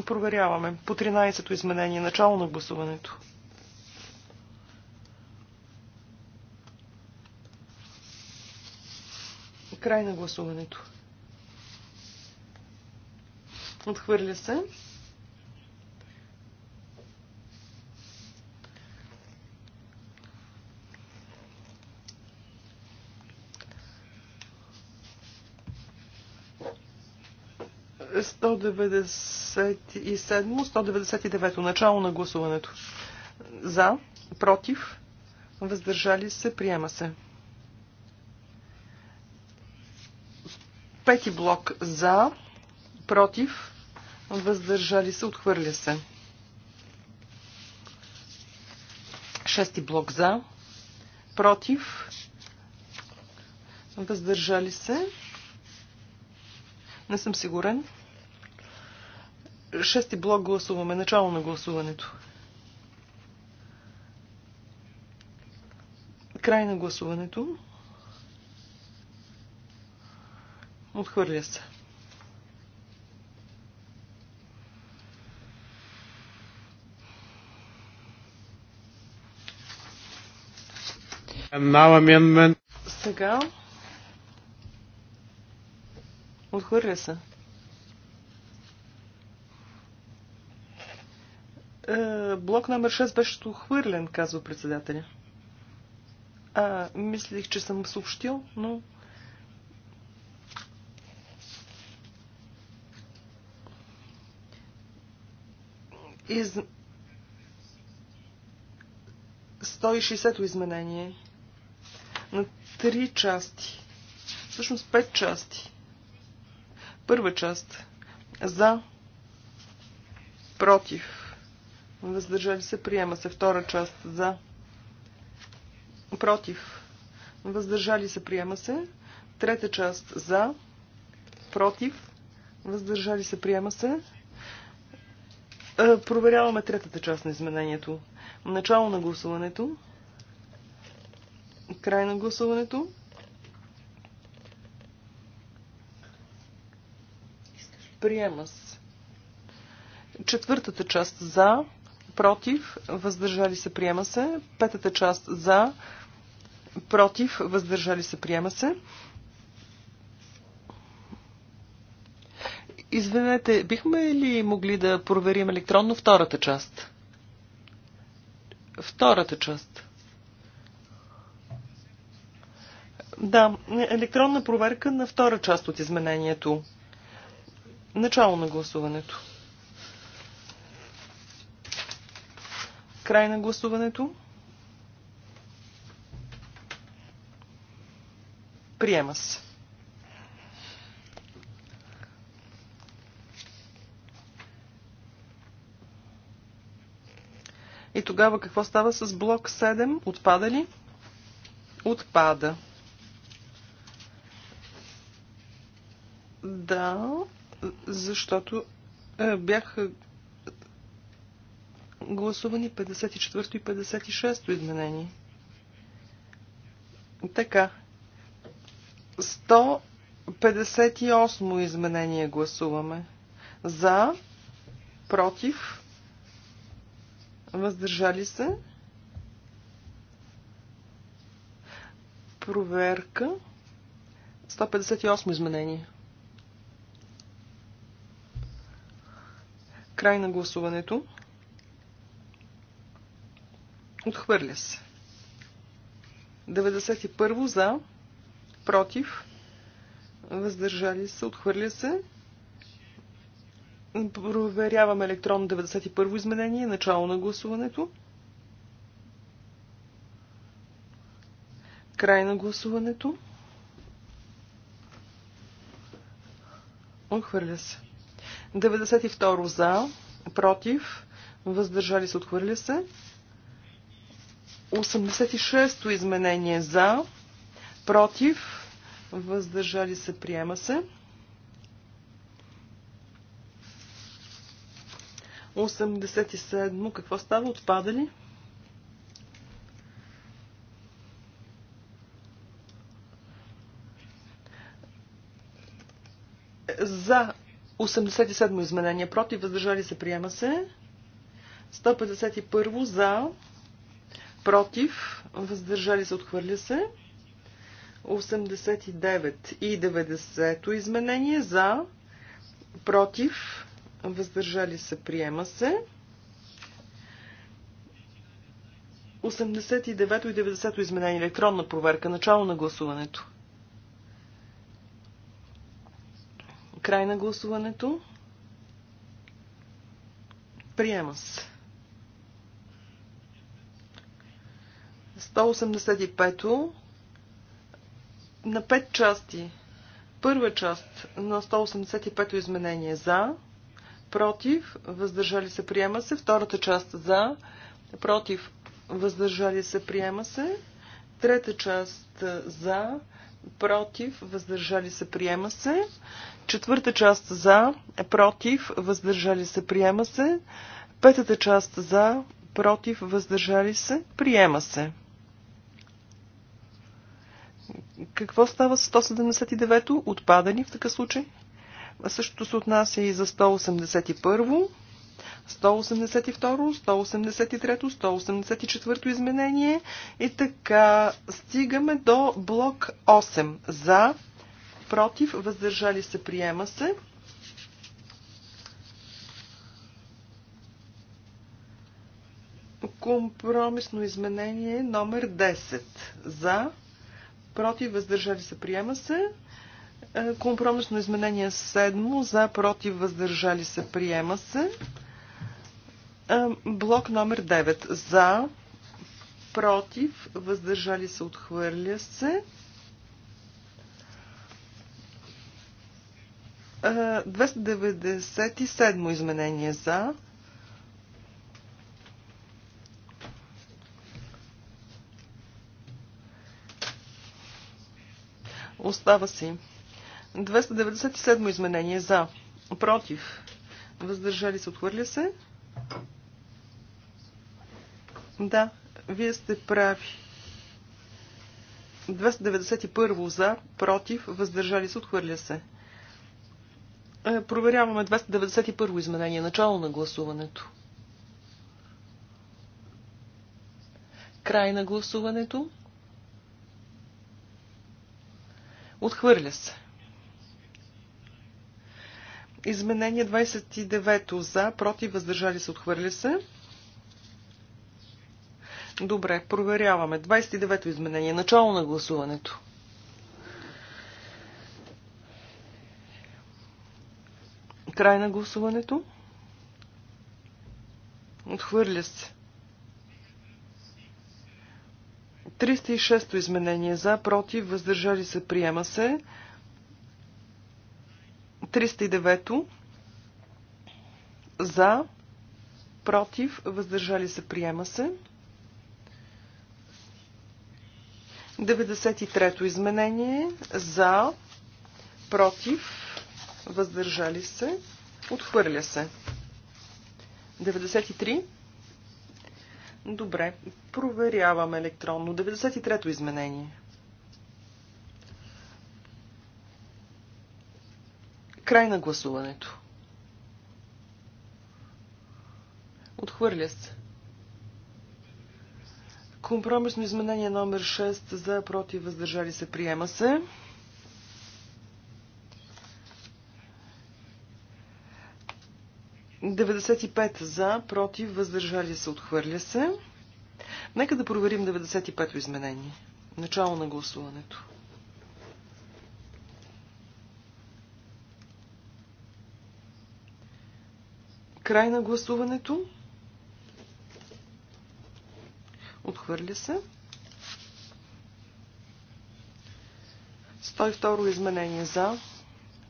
Проверяваме. По 13-то изменение. Начало на гласуването. Край на гласуването. Отхвърля се. Сто 199. Начало на гласуването. За, против, въздържали се, приема се. Пети блок за, против, въздържали се, отхвърля се. Шести блок за, против, въздържали се. Не съм сигурен. Шести блок гласуваме. Начало на гласуването. Край на гласуването. Отхвърля се. Сега. Отхвърля се. Е, блок номер 6 беше отхвърлен, казва председателя. А, мислих, че съм съобщил, но Из... 160-то изменение на три части. Всъщност пет части. Първа част. За. Против. Въздържали се. Приема се. Втора част. За. Против. Въздържали се. Приема се. Трета част. За. Против. Въздържали се. Приема се. Е, проверяваме третата част на изменението. Начало на гласуването. Край на гласуването. Приема се. Четвъртата част за, против, въздържали се, приема се. Петата част за, против, въздържали се, приема се. Извинете, бихме ли могли да проверим електронно втората част? Втората част. Да, електронна проверка на втора част от изменението. Начало на гласуването. Край на гласуването. Приема се. И тогава какво става с блок 7? Отпада ли? Отпада. Да, защото е, бяха гласувани 54 и 56 изменение. Така. 158 изменение гласуваме. За, против, Въздържали се. Проверка. 158 изменение. Край на гласуването. Отхвърля се. 91 за, против, въздържали се, отхвърля се. Проверявам електронно 91 изменение, начало на гласуването. Край на гласуването. Отхвърля се. 92 за, против, въздържали се, отхвърля се. 86-то изменение за, против, въздържали се, приема се. 87. Какво става? Отпада ли? За 87 изменение против, въздържали се, приема се. 151 за, против, въздържали се, отхвърля се. 89 и 90 изменение за, против, въздържали се, приема се. 89 и 90 изменение електронна проверка, начало на гласуването. Край на гласуването. Приема се. 185 на 5 части. Първа част на 185 изменение за против, въздържали се, приема се. Втората част за, против, въздържали се, приема се. Трета част за, против, въздържали се, приема се. Четвърта част за, против, въздържали се, приема се. Петата част за, против, въздържали се, приема се. Какво става с 179-то? Отпада в такъв случай? Същото се отнася и за 181, 182, 183, 184 изменение и така стигаме до блок 8 за, против, въздържали се, приема се. Компромисно изменение номер 10 за, против, въздържали се, приема се. Е, компромисно изменение 7 за против въздържали се приема се. Е, блок номер 9 за против въздържали се отхвърля се. 297 е, изменение за Остава си. 297 изменение за. Против. Въздържали се. Отхвърля се. Да, вие сте прави. 291 за, против, въздържали се, отхвърля се. Е, проверяваме 291 изменение, начало на гласуването. Край на гласуването. Отхвърля се. Изменение 29 за, против, въздържали се, отхвърли се. Добре, проверяваме. 29-то изменение. Начало на гласуването. Край на гласуването. Отхвърля се. 306-то изменение за, против, въздържали се, приема се. 309 за, против, въздържали се, приема се. 93-то изменение за, против, въздържали се, отхвърля се. 93. Добре, проверявам електронно. 93-то изменение. Край на гласуването. Отхвърля се. Компромисно изменение номер 6 за против въздържали се приема се. Деветдесет за, против, въздържали се, отхвърля се. Нека да проверим 95-то изменение. Начало на гласуването. Край на гласуването. Отхвърля се. 102 изменение за.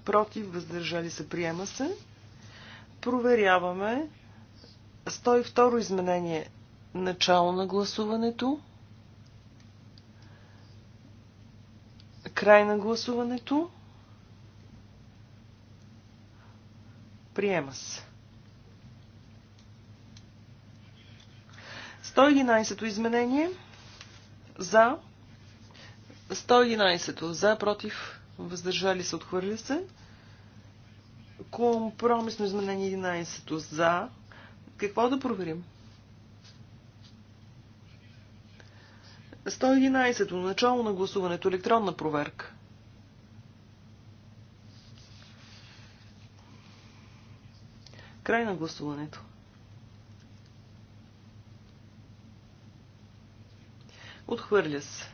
Против, въздържали се, приема се. Проверяваме. 102 изменение. Начало на гласуването. Край на гласуването. Приема се. 111-то изменение за 111-то за, против, въздържали се, отхвърли се. Компромисно изменение 11-то за. Какво да проверим? 111-то начало на гласуването, електронна проверка. Край на гласуването. Отхвърля се.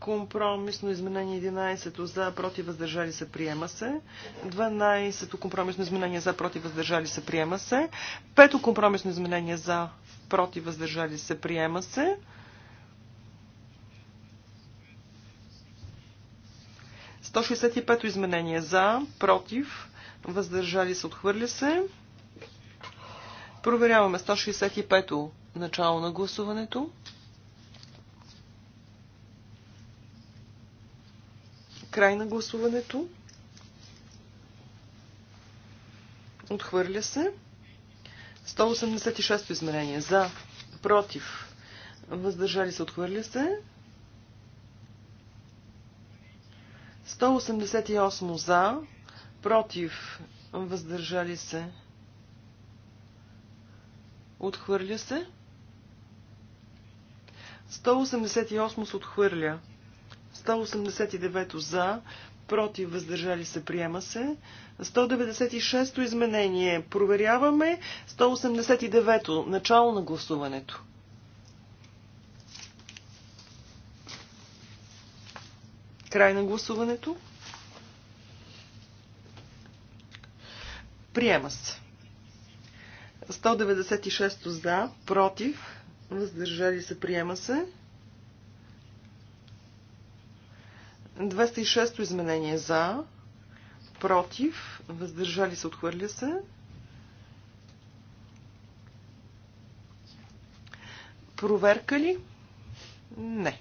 Компромисно изменение 11 за против въздържали се приема се. 12 компромисно изменение за против въздържали се приема се. 5 компромисно изменение за против въздържали се приема се. Сто шестдесет изменение за против въздържали се отхвърля се. Проверяваме 165-то Начало на гласуването. Край на гласуването. Отхвърля се. 186 изменение. За. Против. Въздържали се. Отхвърля се. 188 за. Против. Въздържали се. Отхвърля се. 188 се отхвърля. 189 за, против, въздържали се, приема се. 196 изменение. Проверяваме. 189 начало на гласуването. Край на гласуването. Приема се. 196 за, против, въздържали се, приема се. 206 изменение за, против, въздържали се, отхвърля се. Проверка ли? Не.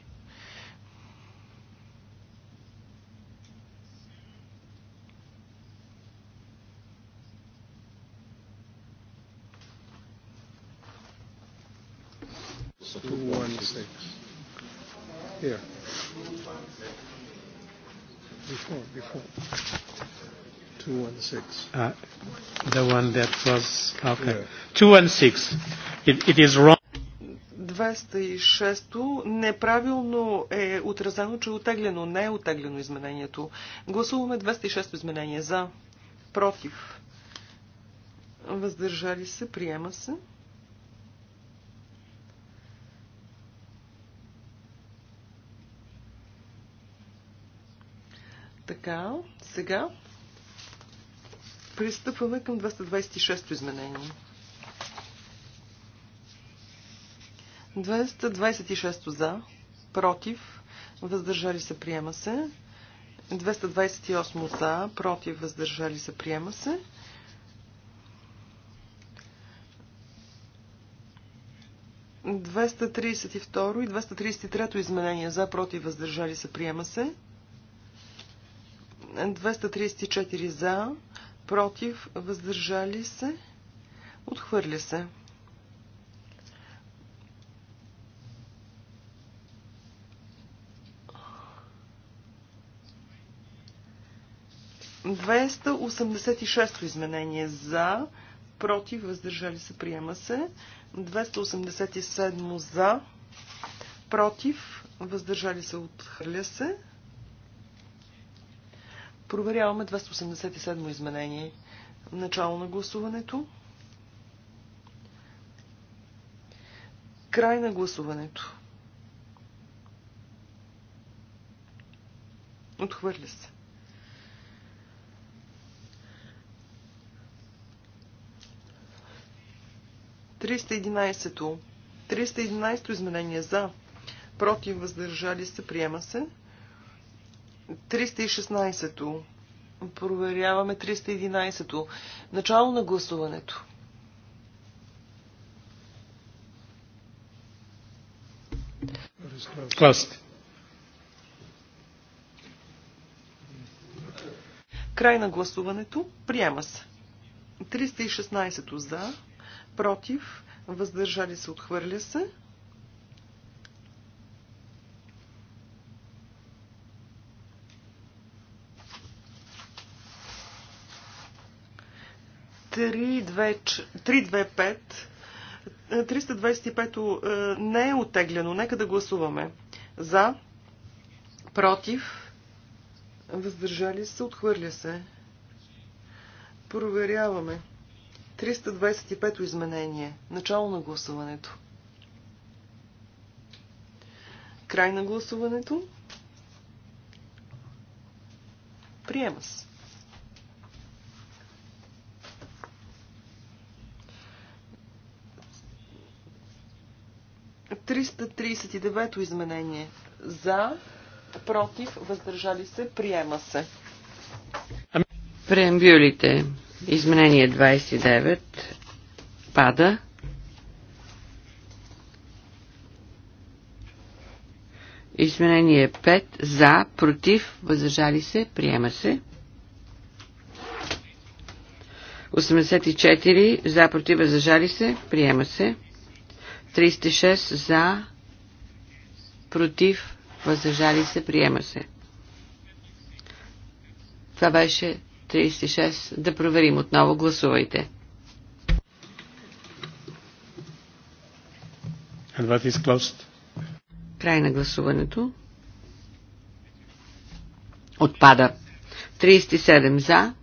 216. Here. Before, before. 216. Uh, the one that was. Okay. Yeah. 216. It, it is wrong. 206-то неправилно е отразено, че е отеглено. Не е отеглено изменението. Гласуваме 206-то изменение за, против, въздържали се, приема се. Така, сега пристъпваме към 226 изменение. 226 за, против, въздържали се, приема се. 228 за, против, въздържали се, приема се. Двеста и 233 изменение за, против, въздържали се, приема се. 234 за, против, въздържали се, отхвърля се. Двеста осемдесет и шесто изменение за, против, въздържали се, приема се. 287 за, против, въздържали се, отхвърля се. Проверяваме 287 изменение. Начало на гласуването. Край на гласуването. Отхвърля се. Триста единайсето. изменение за. Против въздържали се. Приема се. 316-то. Проверяваме 311-то. Начало на гласуването. Класите. Край на гласуването. Приема се. 316 за, против, въздържали се, отхвърля се. 325. 325-то е, не е оттеглено. Нека да гласуваме. За, против, въздържали се, отхвърля се. Проверяваме. 325-то изменение. Начало на гласуването. Край на гласуването. Приема се. 339 изменение. За, против, въздържали се, приема се. Преамбюлите. Изменение 29 пада. Изменение 5 за, против, въздържали се, приема се. 84 за, против, въздържали се, приема се. 36 за, против, въздържали се, приема се. Това беше 36. Да проверим отново. Гласувайте. Край на гласуването. Отпада. 37 за,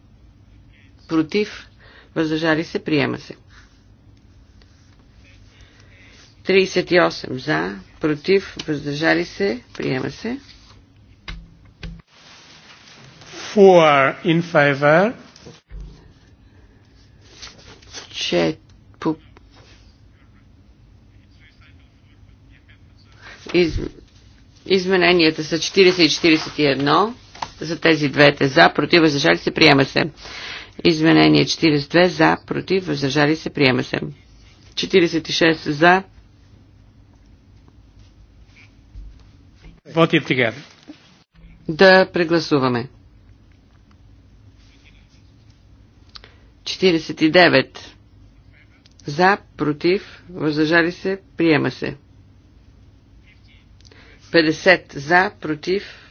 против, въздържали се, приема се. 38 за, против, въздържали се, приема се. 4 in favor. Че, по... Из... Измененията са 40 и 41 за тези двете за, против, въздържали се, приема се. Изменение 42 за, против, въздържали се, приема се. 46 за, vote it together. Да прегласуваме. 49. За, против, въздържали се, приема се. 50. За, против,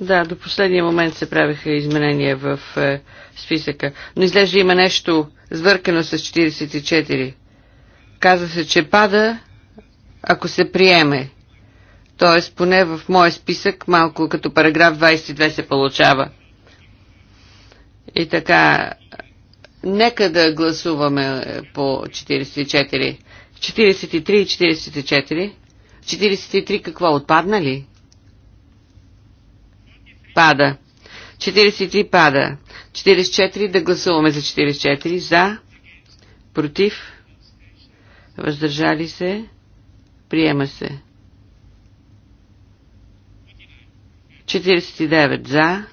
Да, до последния момент се правиха изменения в е, списъка. Но изглежда има нещо сбъркано с 44. Каза се, че пада, ако се приеме. Тоест, поне в моя списък, малко като параграф 22 се получава. И така, нека да гласуваме е, по 44. 43 и 44. 43 какво, отпадна ли? пада. 43 пада. 44 да гласуваме за 44. За. Против. Въздържали се. Приема се. 49 за.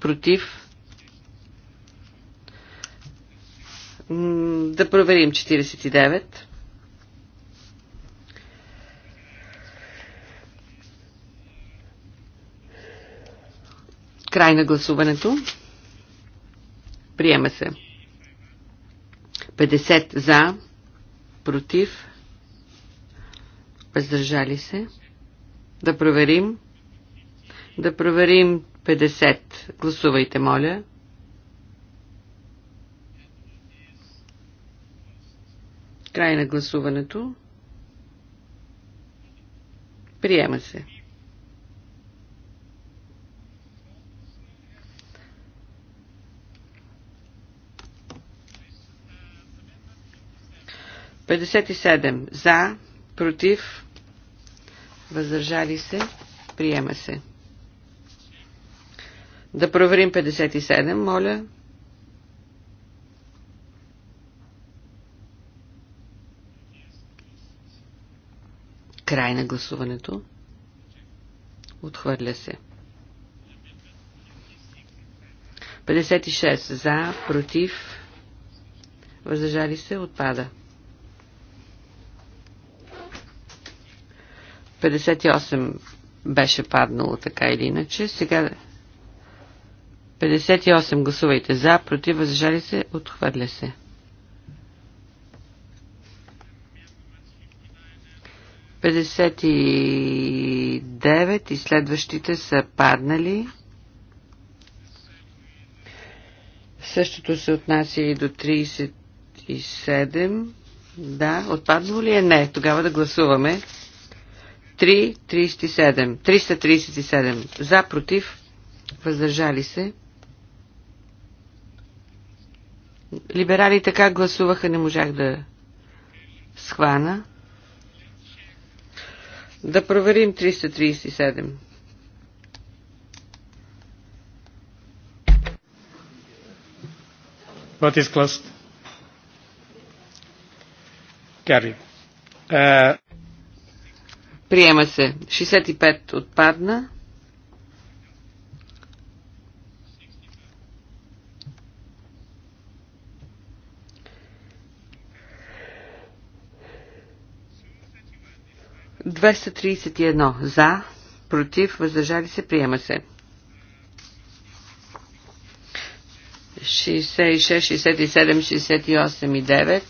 Против. Да проверим 49. Край на гласуването. Приема се. 50 за, против, въздържали се. Да проверим. Да проверим 50. Гласувайте, моля. Край на гласуването. Приема се. 57. За, против, въздържали се, приема се. Да проверим 57, моля. Край на гласуването. Отхвърля се. 56 за, против, въздържали се, отпада. 58 беше паднало така или иначе. Сега 58 гласувайте за, против, въздържали се, отхвърля се. Петдесет и и следващите са паднали. Същото се отнася и до 37. Да, отпаднало ли е? Не. Тогава да гласуваме. 337. 337. За, против, въздържали се. Либерали така гласуваха, не можах да схвана. Да проверим 337. What is closed? Gary. Uh... Приема се. 65 отпадна. Двеста За, против, въздържали се, приема се. 66, 67, 68 и 9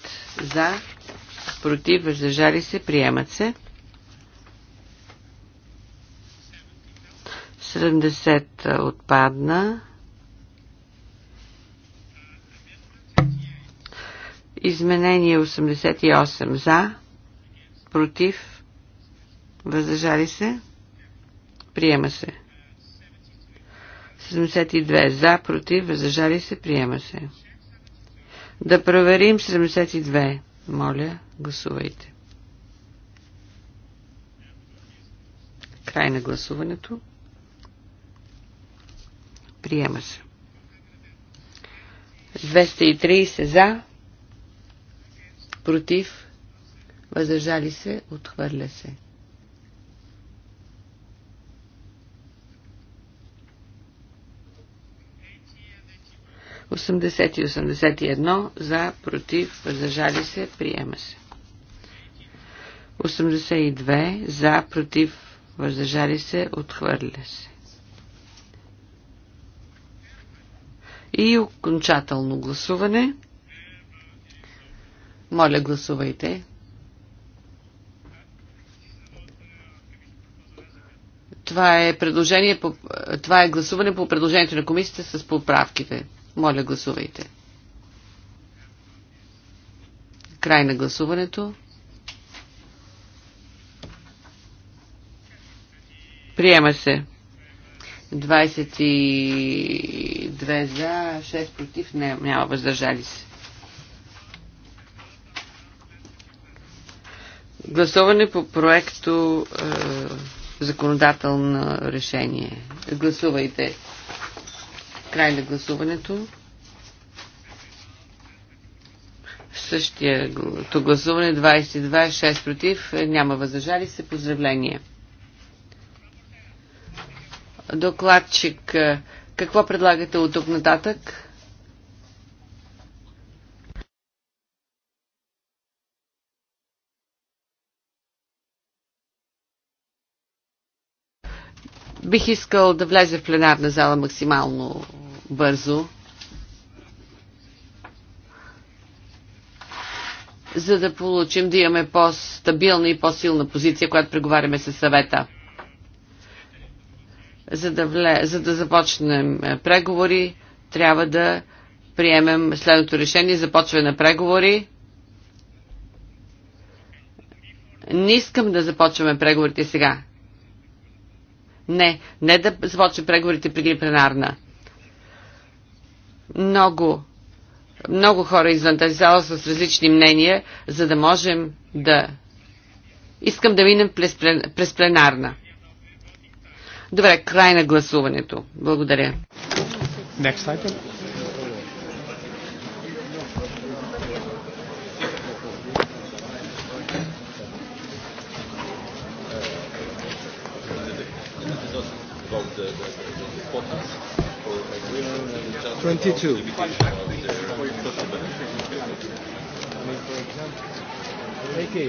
за, против, въздържали се, приемат се. 70 отпадна. Изменение 88 за, против, въздържали се, приема се. 72 за, против, въздържали се, приема се. Да проверим 72. Моля, гласувайте. Край на гласуването. Приема се. 230 за. Против. Въздържали се. Отхвърля се. Осемдесет и 81 за, против, въздържали се, приема се. 82 за, против, въздържали се, отхвърля се. И окончателно гласуване. Моля, гласувайте. Това е, предложение по, това е гласуване по предложението на комисията с поправките. Моля, гласувайте. Край на гласуването. Приема се. и 2 за, 6 против, не, няма въздържали се. Гласуване по проекто е, законодателно решение. Гласувайте. Край на гласуването. Същието гласуване 22, 6 против, е, няма въздържали се. Поздравления. Докладчик е, какво предлагате от тук нататък? Бих искал да влезе в пленарна зала максимално бързо, за да получим да имаме по-стабилна и по-силна позиция, която преговаряме с съвета за да, вле, за да започнем е, преговори, трябва да приемем следното решение започване на преговори. Не искам да започваме преговорите сега. Не, не да започнем преговорите преди пленарна. Много, много хора извън тази зала с различни мнения, за да можем да... Искам да минем през, през пленарна. Добре, край на гласуването. Благодаря. Next item. about the, the, the, the quotas for agreement and just 22. Thank you.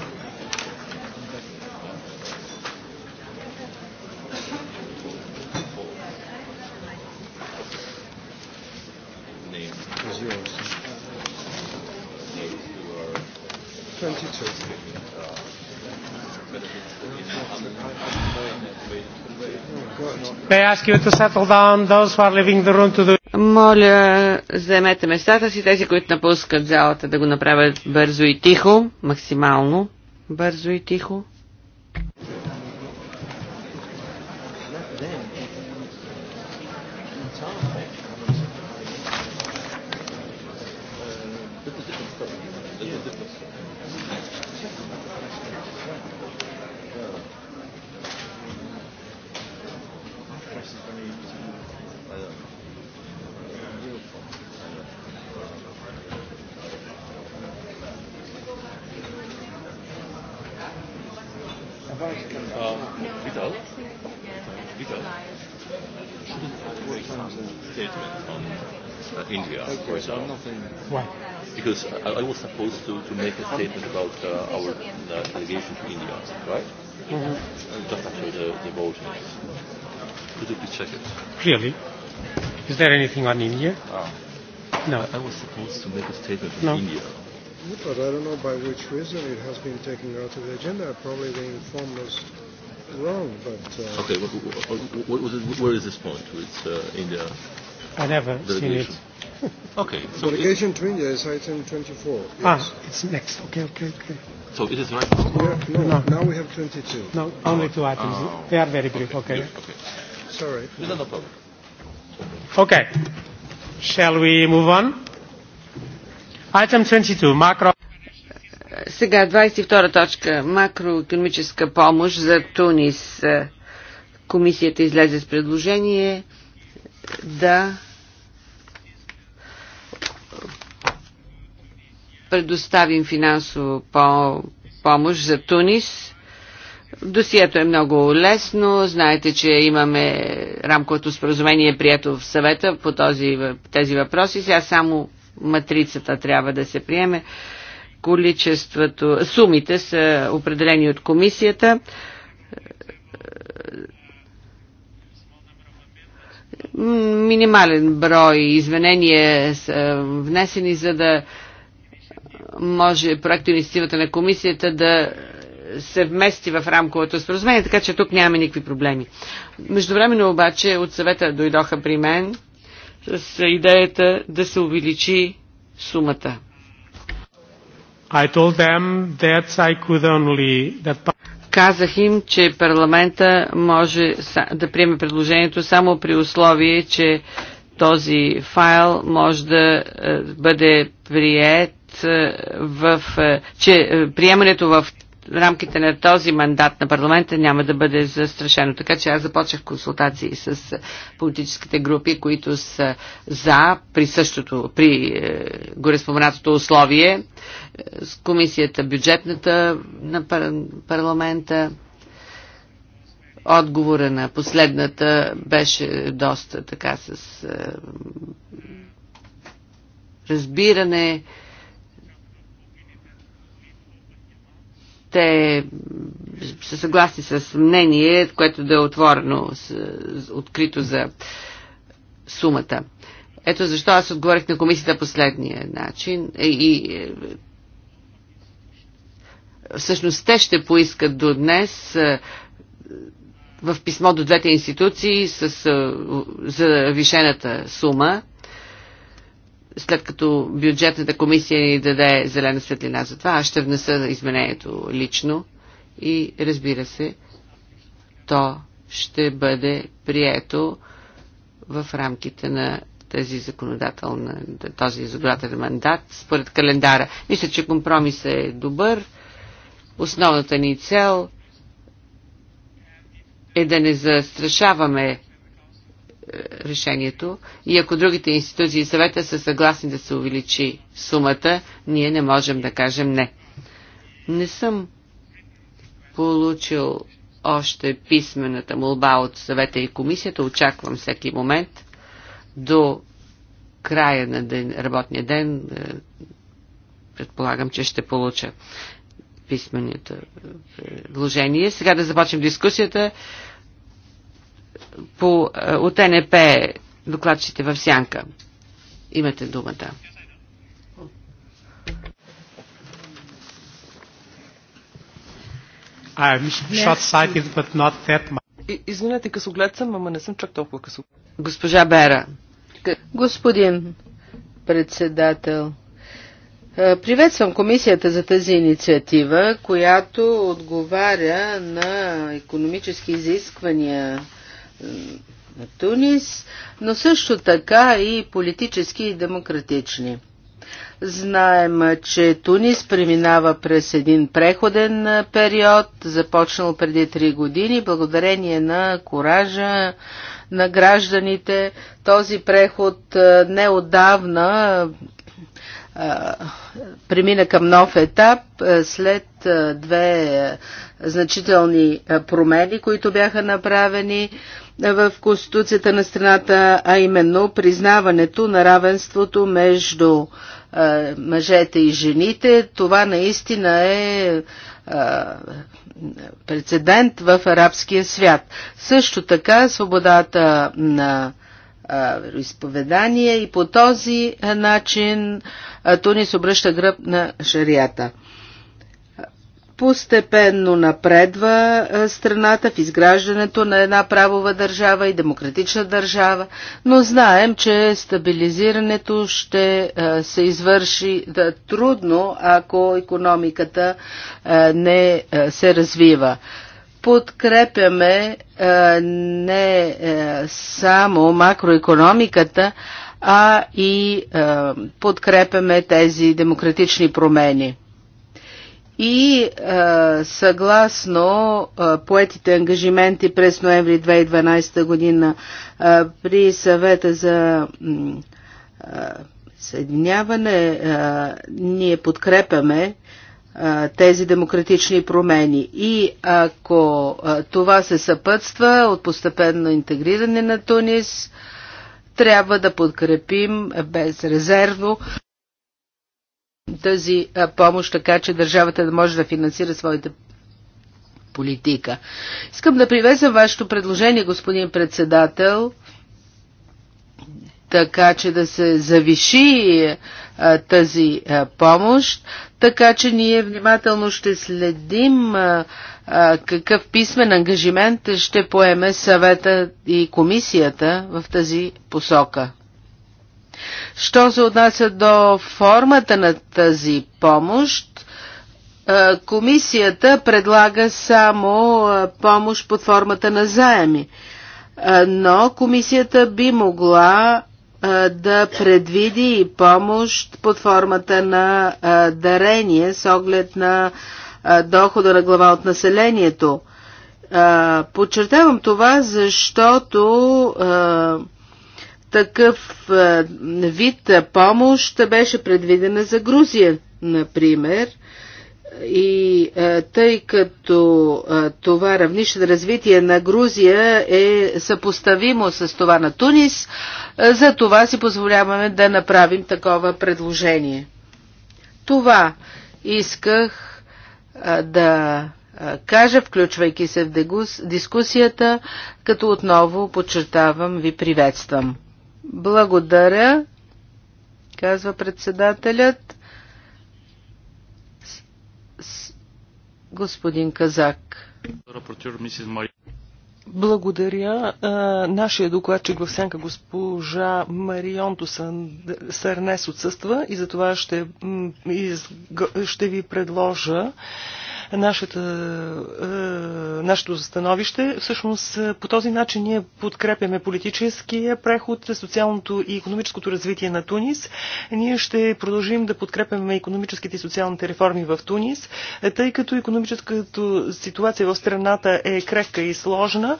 Моля, заемете местата си, тези, които напускат залата, да го направят бързо и тихо, максимално бързо и тихо. I was supposed to, to make a statement about uh, our uh, delegation to India, right? Mm-hmm. Just after the, the vote. Could you please check it? Clearly. Is there anything on India? Ah. No. I, I was supposed to make a statement on no. India. But I don't know by which reason it has been taken out of the agenda. Probably they informed us wrong, but... Uh, okay, what, what, what was it, where is this point? It's uh, India... I never seen it. okay. So delegation to India is item 24. Yes. Ah, it's next. Okay, okay, okay. So it is right now? Yeah, no, no, now we have 22. No, only two items. Oh. They are very brief. Okay. Okay. okay. Sorry. It's not a problem. Okay. Shall we move on? Item 22, macro... Сега 22 точка. Макроекономическа помощ за Тунис. Комисията излезе с предложение да предоставим финансово по помощ за Тунис. Досието е много лесно. Знаете, че имаме рамковото споразумение, прието в съвета по този, тези въпроси. Сега само матрицата трябва да се приеме. Количеството, сумите са определени от комисията Минимален брой извинения са е, внесени, за да може проекто инициативата на комисията да се вмести в рамковото споразумение, така че тук нямаме никакви проблеми. Междувременно обаче от съвета дойдоха при мен с идеята да се увеличи сумата. I told them that I could only, that... Казах им, че парламента може да приеме предложението само при условие, че този файл може да е, бъде прият е, в, е, че приемането в рамките на този мандат на парламента няма да бъде застрашено. Така че аз започнах консултации с политическите групи, които са за при същото, при е, гореспоменатото условие, е, с комисията бюджетната на пар, парламента. Отговора на последната беше доста така с е, разбиране. Е, те са съгласни с мнение, което да е отворено, открито за сумата. Ето защо аз отговорих на комисията последния начин е, и е, всъщност те ще поискат до днес е, в писмо до двете институции с завишената сума след като бюджетната комисия ни даде зелена светлина за това, аз ще внеса изменението лично и разбира се, то ще бъде прието в рамките на тази законодателна, този законодателен мандат според календара. Мисля, че компромис е добър. Основната ни цел е да не застрашаваме решението и ако другите институции и съвета са съгласни да се увеличи сумата, ние не можем да кажем не. Не съм получил още писмената молба от съвета и комисията. Очаквам всеки момент до края на ден, работния ден. Е, предполагам, че ще получа писменото е, предложение. Сега да започнем дискусията по, е, от НП докладчите в Сянка. Имате думата. Извинете, късоглед съм, ама не съм чак толкова късо. Госпожа Бера. Господин председател, е, Приветствам комисията за тази инициатива, която отговаря на економически изисквания на Тунис, но също така и политически и демократични. Знаем, че Тунис преминава през един преходен период, започнал преди 3 години, благодарение на коража на гражданите. Този преход неодавна премина към нов етап след две значителни промени, които бяха направени в Конституцията на страната, а именно признаването на равенството между мъжете и жените. Това наистина е прецедент в арабския свят. Също така свободата на вероисповедание и по този начин Тунис обръща гръб на шарията. Постепенно напредва страната в изграждането на една правова държава и демократична държава, но знаем, че стабилизирането ще се извърши да, трудно, ако економиката не се развива подкрепяме а, е, не а, е, само макроекономиката, а и а, е, подкрепяме тези демократични промени. И а, съгласно а, поетите ангажименти през ноември 2012 година а, при съвета за а, съединяване, а, ние подкрепяме тези демократични промени. И ако това се съпътства от постепенно интегриране на Тунис, трябва да подкрепим безрезервно тази помощ, така че държавата да може да финансира своите политика. Искам да привесам вашето предложение, господин председател, така че да се завиши тази помощ, така че ние внимателно ще следим какъв писмен ангажимент ще поеме съвета и комисията в тази посока. Що се отнася до формата на тази помощ, комисията предлага само помощ под формата на заеми но комисията би могла да предвиди помощ под формата на дарение с оглед на дохода на глава от населението. Подчертавам това, защото такъв вид помощ беше предвидена за Грузия, например – и е, тъй като е, това равнище на развитие на Грузия е съпоставимо с това на Тунис, е, за това си позволяваме да направим такова предложение. Това исках да кажа, включвайки се в дискусията, като отново подчертавам ви приветствам. Благодаря, казва председателят. Господин Казак. Благодаря. Нашия докладчик в сянка госпожа Марионто Сърнес отсъства и затова ще, ще ви предложа нашата, е, нашето становище. Всъщност е, по този начин ние подкрепяме политическия преход, социалното и економическото развитие на Тунис. Ние ще продължим да подкрепяме економическите и социалните реформи в Тунис, е, тъй като економическата ситуация в страната е крехка и сложна.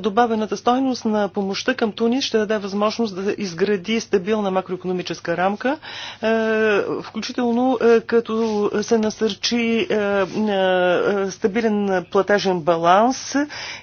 Добавената стойност на помощта към Тунис ще даде възможност да изгради стабилна макроекономическа рамка, включително като се насърчи е, е, стабилен платежен баланс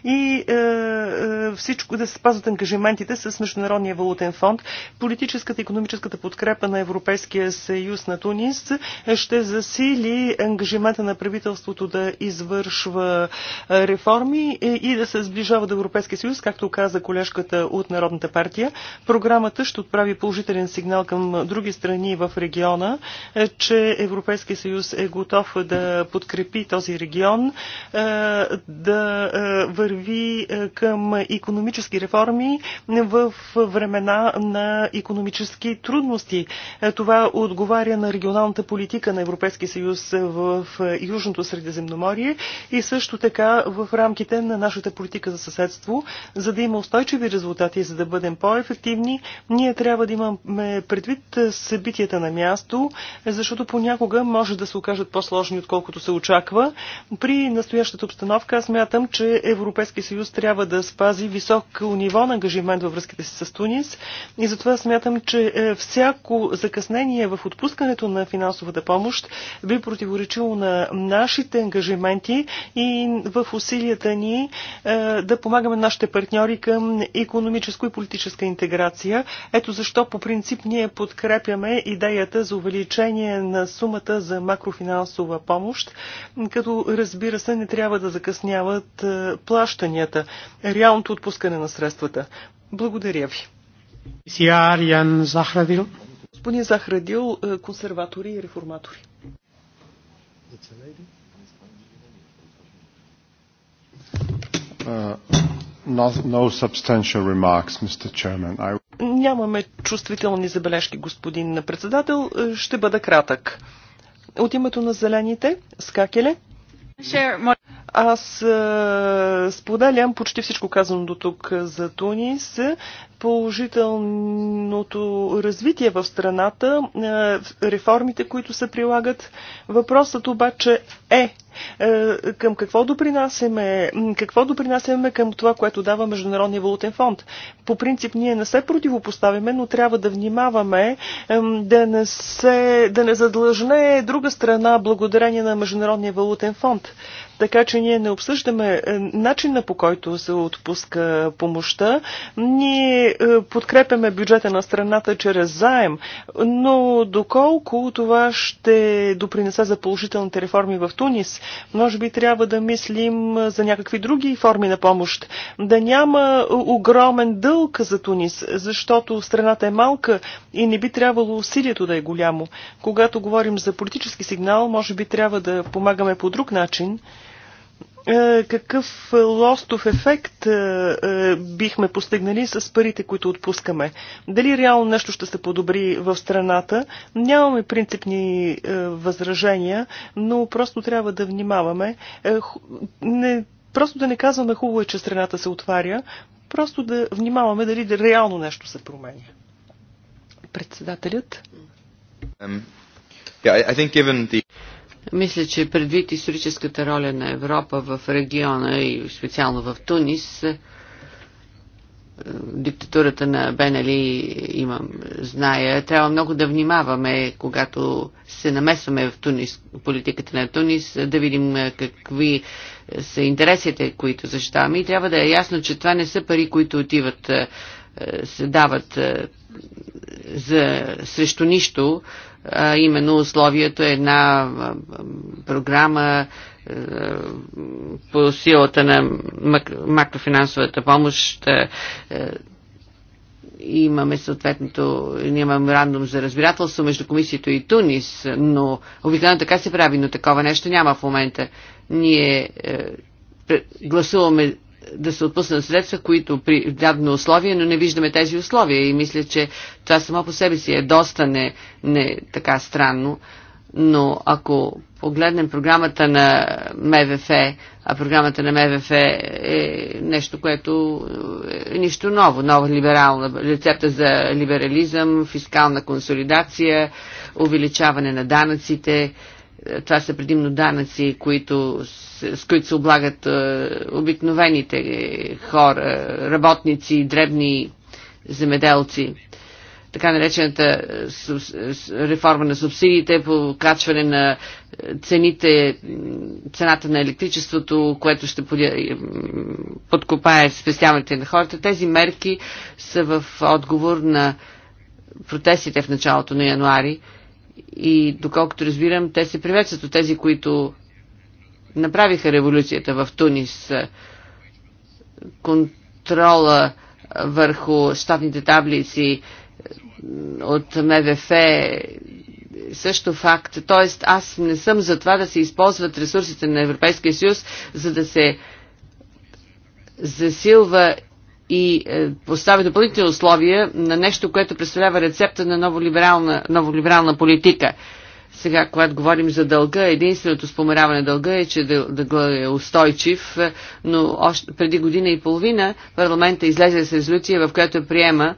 и е, всичко да се спазват ангажиментите с Международния валутен фонд. Политическата и економическата подкрепа на Европейския съюз на Тунис ще засили ангажимента на правителството да извършва реформи и да се сближава до Европейския съюз, както каза колежката от Народната партия. Програмата ще отправи положителен сигнал към други страни в региона, че Европейския съюз е готов да подкрепи подкрепи този регион е, да е, върви е, към економически реформи в времена на економически трудности. Това отговаря на регионалната политика на Европейския съюз в Южното Средиземноморие и също така в рамките на нашата политика за съседство, за да има устойчиви резултати, за да бъдем по-ефективни, ние трябва да имаме предвид събитията на място, защото понякога може да се окажат по-сложни, отколкото се очаква очаква. При настоящата обстановка аз мятам, че Европейския съюз трябва да спази високо ниво на ангажимент във връзките си с Тунис и затова смятам, че е, всяко закъснение в отпускането на финансовата помощ би противоречило на нашите ангажименти и в усилията ни е, да помагаме нашите партньори към економическо и политическа интеграция. Ето защо по принцип ние подкрепяме идеята за увеличение на сумата за макрофинансова помощ, като разбира се не трябва да закъсняват е, плащанията, реалното отпускане на средствата. Благодаря ви. Господин Захрадил, е, консерватори и реформатори. Uh, Нямаме чувствителни забележки, господин председател. Е, ще бъда кратък. От името на зелените, Скакеле. Аз а, е, споделям почти всичко казано до тук за Тунис. Положителното развитие в страната, а, е, реформите, които се прилагат. Въпросът обаче е, е към какво допринасяме, какво допринасяме към това, което дава Международния валутен фонд. По принцип ние не се противопоставяме, но трябва да внимаваме да не, се, да не задлъжне друга страна благодарение на Международния валутен фонд. Така че ние не обсъждаме е, начина по който се отпуска помощта. Ние е, подкрепяме бюджета на страната чрез заем, но доколко това ще допринесе за положителните реформи в Тунис, може би трябва да мислим е, за някакви други форми на помощ. Да няма огромен дълг за Тунис, защото страната е малка и не би трябвало усилието да е голямо. Когато говорим за политически сигнал, може би трябва да помагаме по друг начин. Е, какъв лостов ефект е, е, бихме постигнали с парите, които отпускаме. Дали реално нещо ще се подобри в страната, нямаме принципни възражения, но просто трябва да внимаваме. Не, просто да не казваме хубаво е, че страната се отваря, просто да внимаваме дали реално нещо се променя. Председателят. Um, yeah, I think given the... Мисля, че предвид историческата роля на Европа в региона и специално в Тунис, е, е, диктатурата на Бенели имам, зная, трябва много да внимаваме, когато се намесваме в Тунис, политиката на Тунис, да видим е, какви са интересите, които защитаваме. И трябва да е ясно, че това не са пари, които отиват, се дават за, срещу нищо, а именно условието е една програма по силата на макрофинансовата помощ. Е, имаме съответното меморандум за разбирателство между комисията и Тунис, но обикновено така се прави, но такова нещо няма в момента. Ние е, гласуваме да се отпуснат средства, които при дадено условие, но не виждаме тези условия и мисля, че това само по себе си е доста не, не така странно. Но ако погледнем програмата на МВФ, а програмата на МВФ е нещо, което е нищо ново, нова либерална рецепта за либерализъм, фискална консолидация, увеличаване на данъците, това са предимно данъци, които, с които се облагат е, обикновените е, хора, работници, дребни земеделци така наречената е, реформа на субсидиите, покачване на цените, цената на електричеството, което ще подкопае спестяването на хората. Тези мерки са в отговор на протестите в началото на януари. И доколкото разбирам, те се приветстват от тези, които направиха революцията в Тунис. Контрола върху щатните таблици от МВФ е също факт. Тоест, аз не съм за това да се използват ресурсите на Европейския съюз, за да се засилва и е, поставя допълнителни условия на нещо, което представлява рецепта на новолиберална, новолиберална политика. Сега, когато говорим за дълга, единственото споменаване дълга е, че дълга е устойчив, е, но още преди година и половина парламента излезе с резолюция, в която приема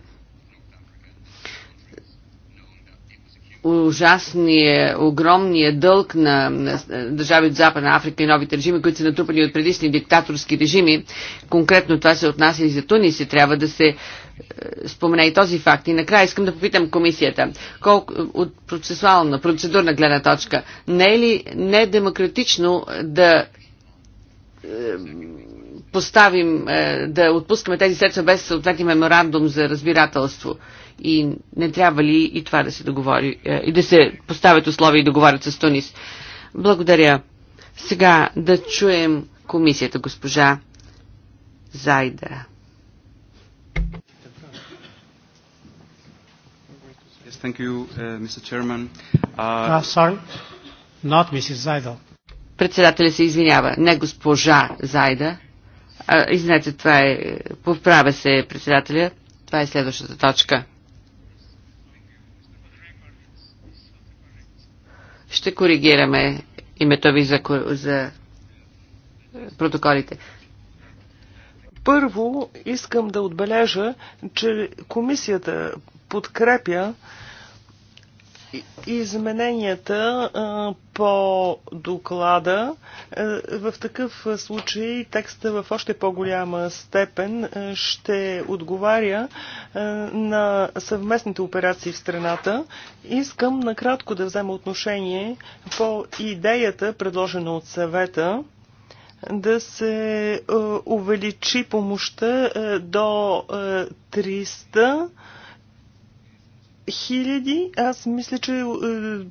ужасния, огромния дълг на, на държави от Западна Африка и новите режими, които са натрупани от предишни диктаторски режими. Конкретно това се отнася и за Тунис и трябва да се е, спомене и този факт. И накрая искам да попитам комисията, колко, от процесуална, процедурна гледна точка, не е ли недемократично да е, поставим, е, да отпускаме тези средства без съответни меморандум за разбирателство? и не трябва ли и това да се договори, е, и да се поставят условия и договорят с Тунис. Благодаря. Сега да чуем комисията госпожа Зайда. thank you, uh, Mr. Chairman. Uh... Uh, sorry, not Mrs. Председателя се извинява, не госпожа Зайда. Uh, извинете, това е, поправя се председателя. Това е следващата точка. Ще коригираме името ви за, за протоколите. Първо искам да отбележа, че комисията подкрепя измененията по доклада. В такъв случай текста в още по-голяма степен ще отговаря на съвместните операции в страната. Искам накратко да взема отношение по идеята, предложена от съвета да се увеличи помощта до 300 хиляди. Аз мисля, че е,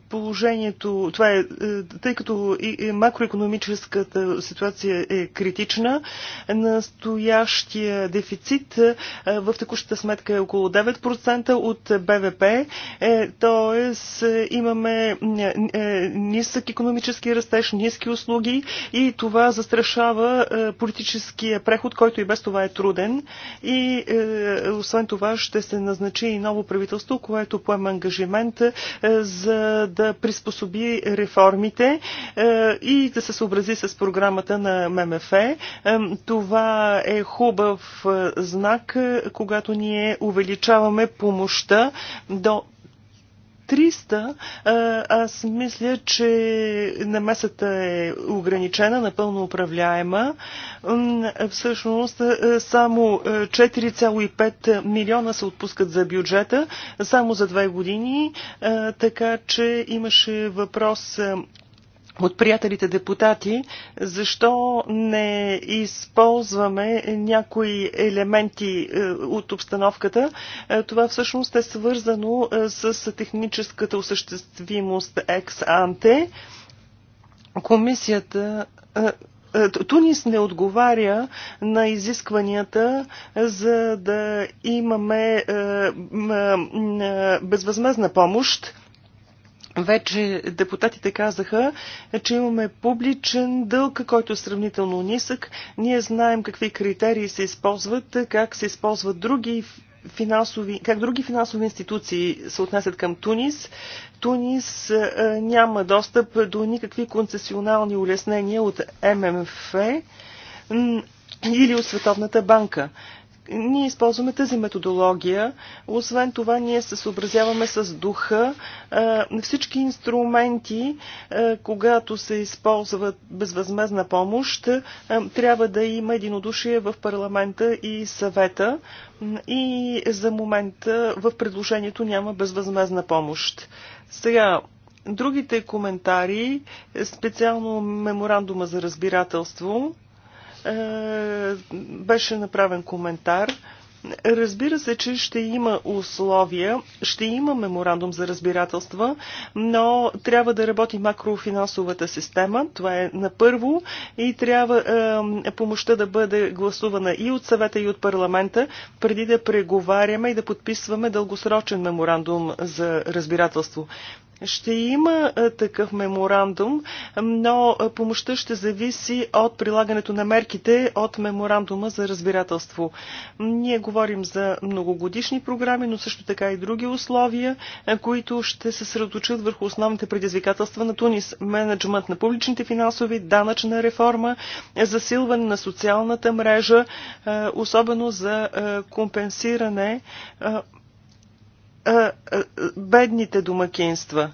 положението, това е, е тъй като макроекономическата ситуация е критична, настоящия дефицит е, в текущата сметка е около 9% от БВП, т.е. имаме нисък економически растеж, ниски услуги и това застрашава политическия преход, който и без това е труден. И освен това ще се назначи и ново правителство, което който поема ангажимент е, за да приспособи реформите е, и да се съобрази с програмата на ММФ. Е, това е хубав знак, когато ние увеличаваме помощта до 300, аз мисля, че намесата е ограничена, напълно управляема. Всъщност само 4,5 милиона се отпускат за бюджета, само за две години, така че имаше въпрос от приятелите депутати, защо не използваме някои елементи е, от обстановката. Е, това всъщност е свързано е, с техническата осъществимост екс-анте. Комисията Тунис не отговаря на изискванията за да имаме безвъзмезна помощ. Вече депутатите казаха, че имаме публичен дълг, който е сравнително нисък. Ние знаем какви критерии се използват, как се използват други финансови, как други финансови институции се отнасят към Тунис. Тунис е, няма достъп до никакви концесионални улеснения от ММФ или от Световната банка. Ние използваме тази методология. Освен това, ние се съобразяваме с духа. Всички инструменти, когато се използват безвъзмезна помощ, трябва да има единодушие в парламента и съвета. И за момента в предложението няма безвъзмезна помощ. Сега, другите коментари, специално меморандума за разбирателство. Е, беше направен коментар. Разбира се, че ще има условия, ще има меморандум за разбирателства, но трябва да работи макрофинансовата система. Това е на първо и трябва е, помощта да бъде гласувана и от съвета, и от парламента, преди да преговаряме и да подписваме дългосрочен меморандум за разбирателство. Ще има е, такъв меморандум, но е, помощта ще зависи от прилагането на мерките от меморандума за разбирателство. Ние говорим за многогодишни програми, но също така и други условия, е, които ще се средоточат върху основните предизвикателства на Тунис. Менеджмент на публичните финансови, данъчна реформа, засилване на социалната мрежа, особено за компенсиране бедните домакинства,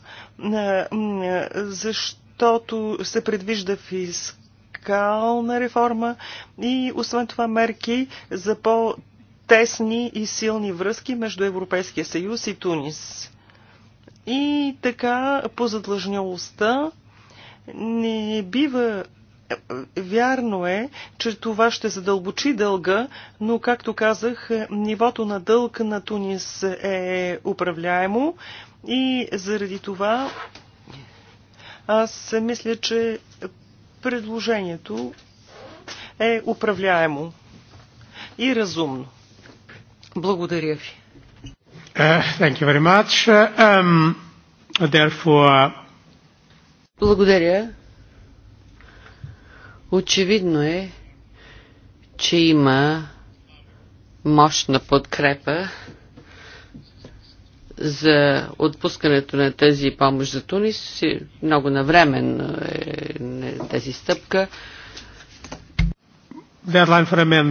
защото се предвижда фискална реформа и освен това мерки за по- тесни и силни връзки между Европейския съюз и Тунис. И така по задлъжнялостта не бива Вярно е, че това ще задълбочи дълга, но, както казах, нивото на дълг на Тунис е управляемо и заради това аз мисля, че предложението е управляемо и разумно. Благодаря ви. Uh, thank you very much. Uh, um, therefore... Благодаря. Очевидно е, че има мощна подкрепа за отпускането на тази помощ за Тунис. Много навремен е, е тази стъпка. Uh,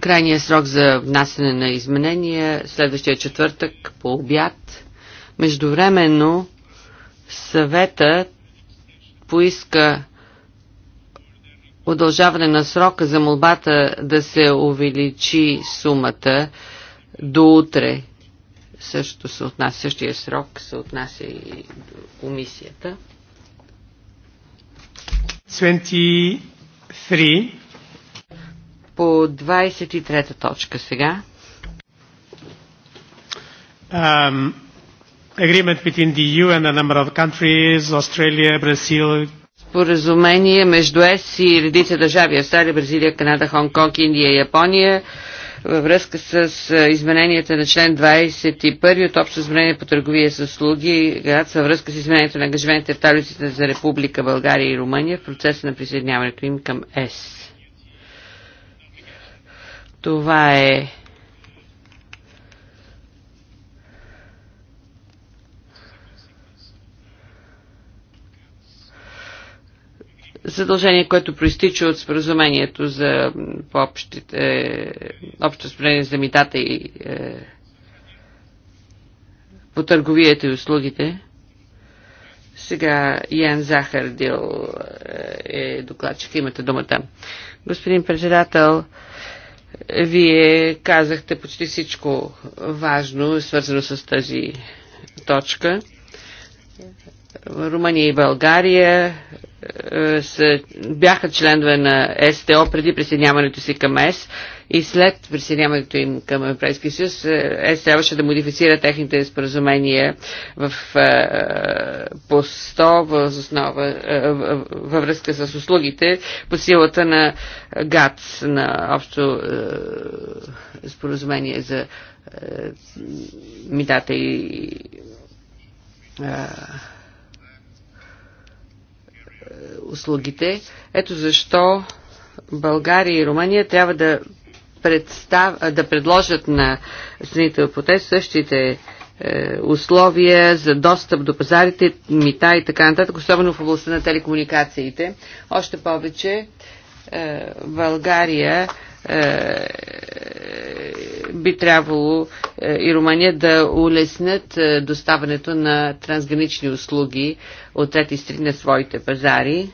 Крайният срок за внасене на изменения следващия четвъртък по обяд. Междувременно съветът поиска удължаване на срока за молбата да се увеличи сумата до утре. Също се отнася, същия срок се отнася и до комисията. 23. По 23-та точка сега. Um, agreement between the EU and a number of countries, Australia, Brazil, споразумение между ЕС и редица държави Австралия, Бразилия, Канада, Хонг-Конг, Индия и Япония във връзка с измененията на член 21 от общо изменение по търговия с услуги, във връзка с изменението на ангажиментите в таблиците за Република България и Румъния в процеса на присъединяването им към ЕС. Това е задължение, което проистича от споразумението за общите, е, общо споразумение за митата и е, по търговията и услугите. Сега Ян Захардил е, е докладчик. Имате думата. Господин председател, вие казахте почти всичко важно, свързано с тази точка. Румъния и България е, са, бяха членове на СТО преди присъединяването си към ЕС и след присъединяването им към Европейския съюз, е, ЕС трябваше да модифицира техните споразумения в, е, по 100 основа, във връзка с услугите по силата на ГАЦ, на общо споразумение за митата и услугите. Ето защо България и Румъния трябва да, представ, да предложат на страните по протест същите е, условия за достъп до пазарите, мита и така нататък, особено в областта на телекомуникациите. Още повече е, България е, би трябвало е, и Румъния да улеснят е, доставането на трансгранични услуги от трети страни на своите пазари.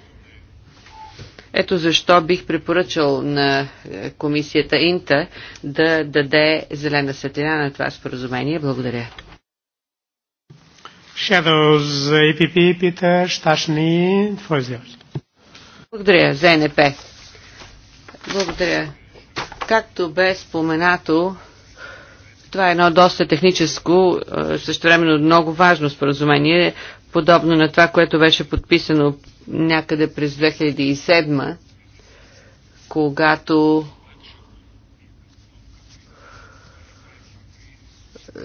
Ето защо бих препоръчал на комисията Инта да даде зелена светлина на това споразумение. Благодаря. Shadows, Peter, Благодаря за НП. Благодаря. Както бе споменато, това е едно доста техническо, е, също времено много важно споразумение, подобно на това, което беше подписано някъде през 2007, когато е,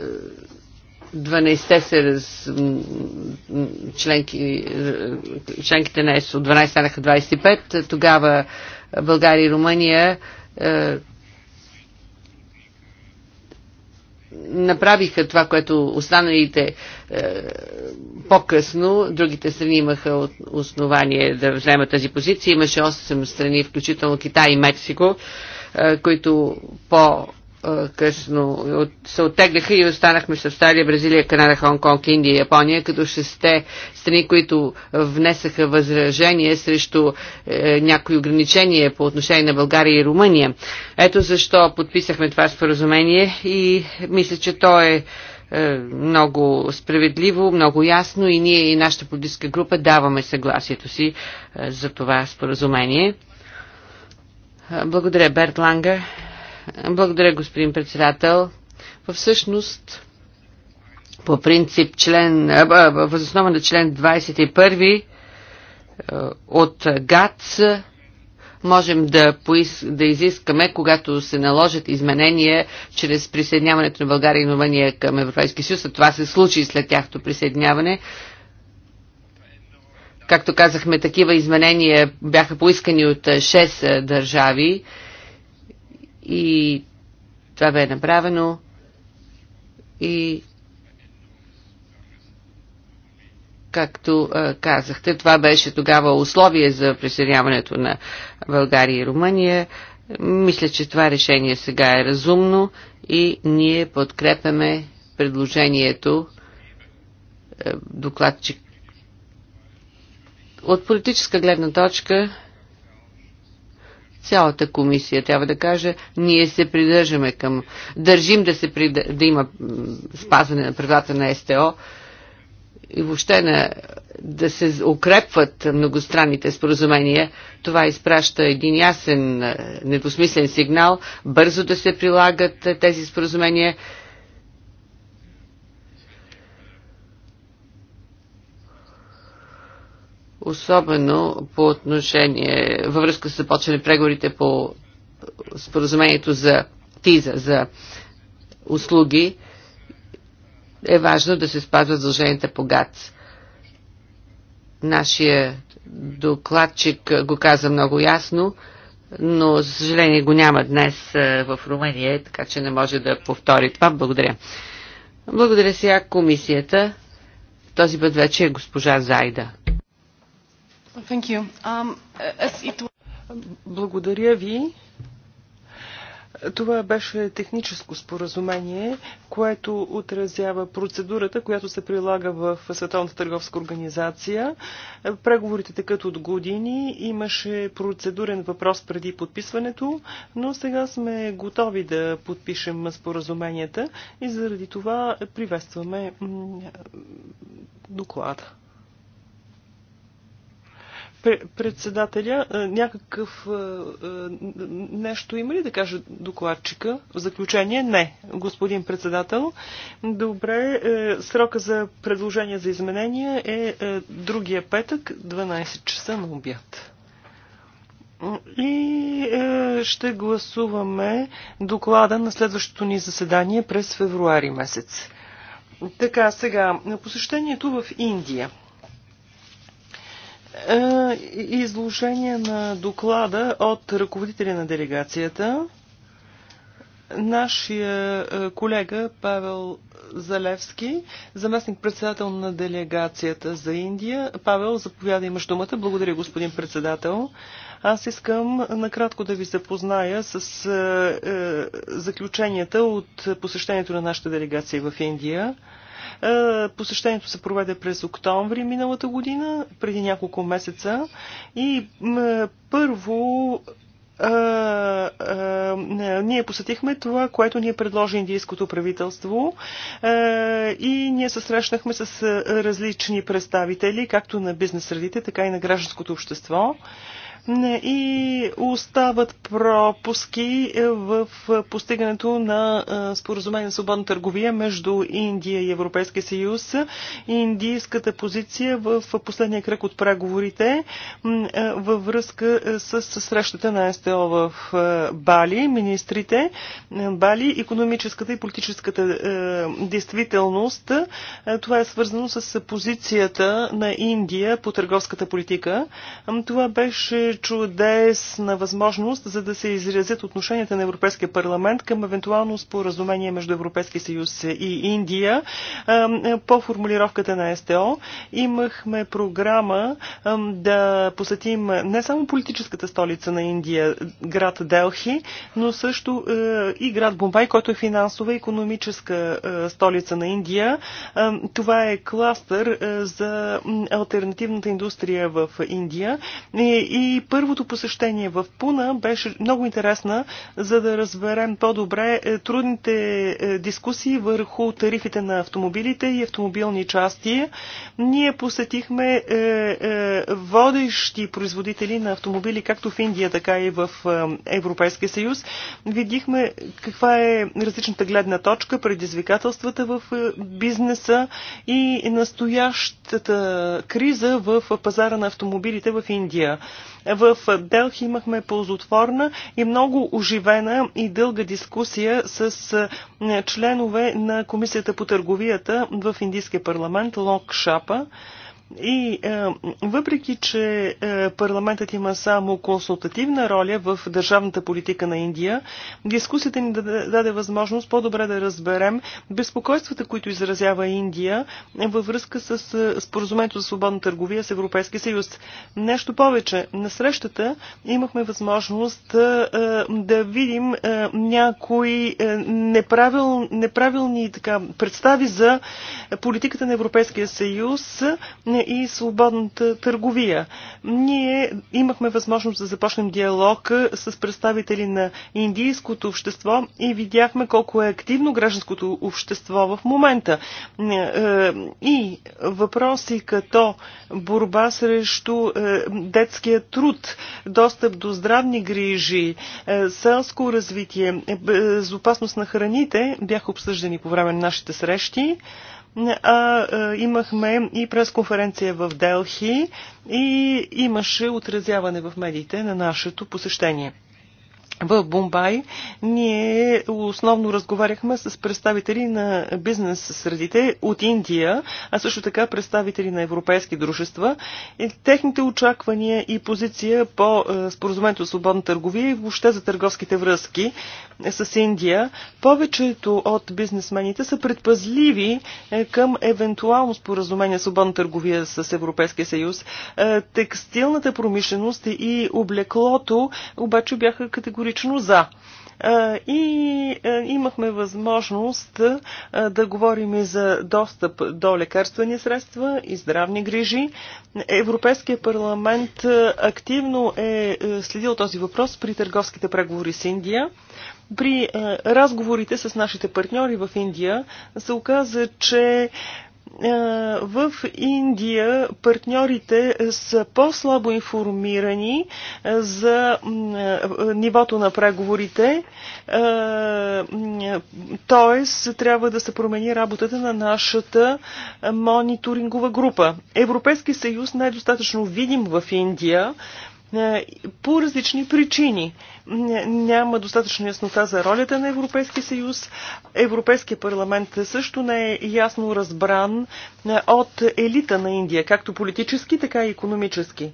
дванайсте 12 се раз... членки, е, членките на ЕСО, от 12 станаха 25. Тогава България и Румъния е, направиха това, което останалите е, по-късно, другите страни имаха основание да вземат тази позиция. Имаше 8 страни, включително Китай и Мексико, е, които по късно се оттегляха и останахме с Австралия, Бразилия, Канада, Хонконг, Индия и Япония, като шесте страни, които внесаха възражение срещу е, някои ограничения по отношение на България и Румъния. Ето защо подписахме това споразумение и мисля, че то е, е много справедливо, много ясно и ние и нашата политическа група даваме съгласието си е, за това споразумение. Благодаря, Берт Ланга. Благодаря, господин председател. Всъщност, по принцип, член, възоснова на член 21 е, от ГАЦ можем да, поис... да изискаме, когато се наложат изменения чрез присъединяването на България и Румъния към Европейския съюз, а това се случи след тяхто присъединяване. Както казахме, такива изменения бяха поискани от 6 държави и това бе направено и както казахте, това беше тогава условие за присъединяването на България и Румъния. Мисля, че това решение сега е разумно и ние подкрепяме предложението докладчик. От политическа гледна точка цялата комисия трябва да каже, ние се придържаме към, държим да, се прид... да има спазване на правилата на СТО и въобще на, да се укрепват многостранните споразумения, това изпраща един ясен, е, недвусмислен сигнал, бързо да се прилагат е, тези споразумения особено по отношение, във връзка с започване преговорите по споразумението за ТИЗа, за услуги, е важно да се спазват задълженията по ГАЦ. Нашия докладчик го каза много ясно, но за съжаление го няма днес е, в Румъния, така че не може да повтори това. Благодаря. Благодаря сега комисията. Този път вече е госпожа Зайда. Um, it... Благодаря ви. Това беше техническо споразумение, което отразява процедурата, която се прилага в Световната търговска организация. Преговорите такът от години. Имаше процедурен въпрос преди подписването, но сега сме готови да подпишем споразуменията и заради това приветстваме доклада. Председателя, някакъв нещо има ли да каже докладчика? В заключение не, господин председател. Добре, е, срока за предложение за изменения е, е другия петък, 12 часа на обяд. И е, ще гласуваме доклада на следващото ни заседание през февруари месец. Така, сега, посещението в Индия. Е, изложение на доклада от ръководителя на делегацията. Нашия е, колега Павел Залевски, заместник-председател на делегацията за Индия. Павел, заповяда имаш думата. Благодаря, господин председател. Аз искам накратко да ви запозная с е, е заключенията от посещението на нашата делегация в Индия. Е, посещението се проведе през октомври миналата година, преди няколко месеца. И първо а, е, а, е, ние посетихме това, което ни е предложи индийското правителство а, и ние се срещнахме с различни представители, както на бизнес средите, така и на гражданското общество. А, и остават пропуски е, в постигането на е, споразумение за свободна търговия между Индия и Европейския съюз. Индийската позиция в последния кръг от преговорите е, във връзка с срещата на СТО в Бали, министрите Бали, економическата и политическата действителност. Това е свързано с позицията на Индия по търговската политика. Това беше чудесна възможност, за да се изразят отношенията на Европейския парламент към евентуално споразумение между Европейския съюз и Индия по формулировката на СТО. Имахме програма да посетим не само политическата столица на Индия, град Делхи, но също е, и град Бомбай, който е финансова и економическа е, столица на Индия. Това е кластър е, за альтернативната индустрия в Индия и първото посещение в Пуна беше много интересна, за да разберем по-добре е, трудните е, дискусии върху тарифите на автомобилите и автомобилни части. Ние посетихме е, водещи производители на автомобили, както в Индия, така и в Европейския съюз. Видихме каква е различната гледна точка, предизвикателствата в бизнеса и настоящата криза в пазара на автомобилите в Индия. В Делхи имахме ползотворна и много оживена и дълга дискусия с членове на Комисията по търговията в Индийския парламент Лок Шапа. И е, въпреки, че е, парламентът има само консултативна роля в държавната политика на Индия, дискусията ни даде, даде възможност по-добре да разберем безпокойствата, които изразява Индия във връзка с е, споразумението за свободна търговия с Европейския съюз. Нещо повече, на срещата имахме възможност е, да видим е, някои е, неправил, неправилни така, представи за политиката на Европейския съюз и свободната търговия. Ние имахме възможност да започнем диалог с представители на индийското общество и видяхме колко е активно гражданското общество в момента. Е, е, и въпроси като борба срещу е, детския труд, достъп до здравни грижи, селско развитие, безопасност на храните бяха обсъждани по време на нашите срещи а, а, имахме и пресконференция в Делхи и имаше отразяване в медиите на нашето посещение в Бомбай, ние основно разговаряхме с представители на бизнес средите от Индия, а също така представители на европейски дружества. Техните очаквания и позиция по е, споразумението за свободна търговия и въобще за търговските връзки с Индия, повечето от бизнесмените са предпазливи е, към евентуално споразумение за свободна търговия с Европейския съюз. Е, текстилната промишленост и облеклото обаче бяха категорично категорично за. И имахме възможност да говорим и за достъп до лекарствени средства и здравни грижи. Европейския парламент активно е, е следил този въпрос при търговските преговори с Индия. При разговорите с нашите партньори в Индия се оказа, че е, в Индия партньорите са по-слабо информирани е, за е, нивото на преговорите, т.е. трябва да се промени работата на нашата мониторингова група. Европейски съюз не е достатъчно видим в Индия. Е, по различни причини. Няма достатъчно яснота за ролята на Европейския съюз. Европейския парламент също не е ясно разбран е, от елита на Индия, както политически, така и економически.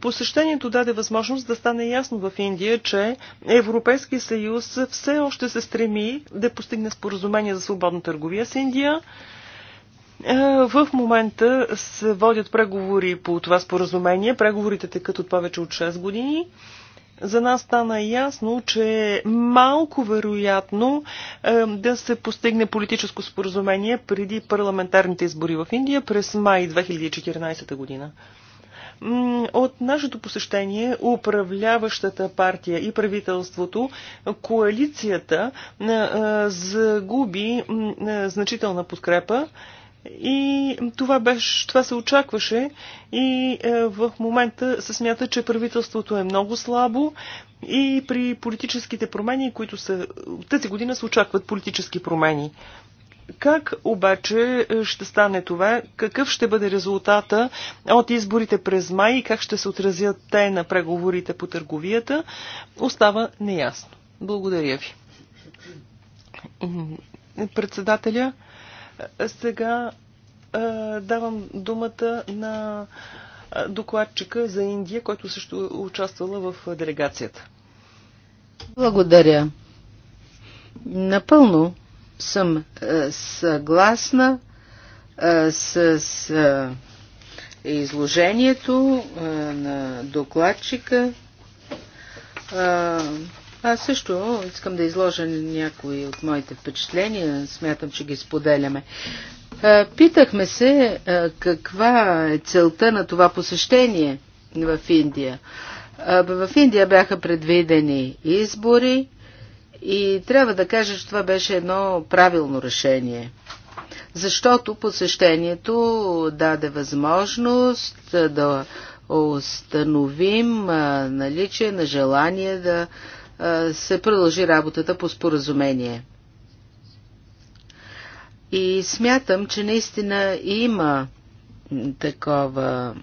Посещението даде възможност да стане ясно в Индия, че Европейския съюз все още се стреми да постигне споразумение за свободна търговия с Индия е, в момента се водят преговори по това споразумение. Преговорите текат от повече от 6 години. За нас стана ясно, че е малко вероятно е, да се постигне политическо споразумение преди парламентарните избори в Индия през май 2014 година. От нашето посещение управляващата партия и правителството, коалицията е, загуби значителна подкрепа и това, беше, това се очакваше и е, в момента се смята, че правителството е много слабо и при политическите промени, които са тази година се очакват политически промени. Как обаче е, ще стане това? Какъв ще бъде резултата от изборите през май и как ще се отразят те на преговорите по търговията? Остава неясно. Благодаря ви. Председателя, сега давам думата на докладчика за Индия, който също участвала в делегацията. Благодаря. Напълно съм е, съгласна е, с е, изложението на докладчика аз също искам да изложа някои от моите впечатления. Смятам, че ги споделяме. Питахме се каква е целта на това посещение в Индия. В Индия бяха предвидени избори и трябва да кажа, че това беше едно правилно решение. Защото посещението даде възможност да установим наличие на желание да се продължи работата по споразумение. И смятам, че наистина има такова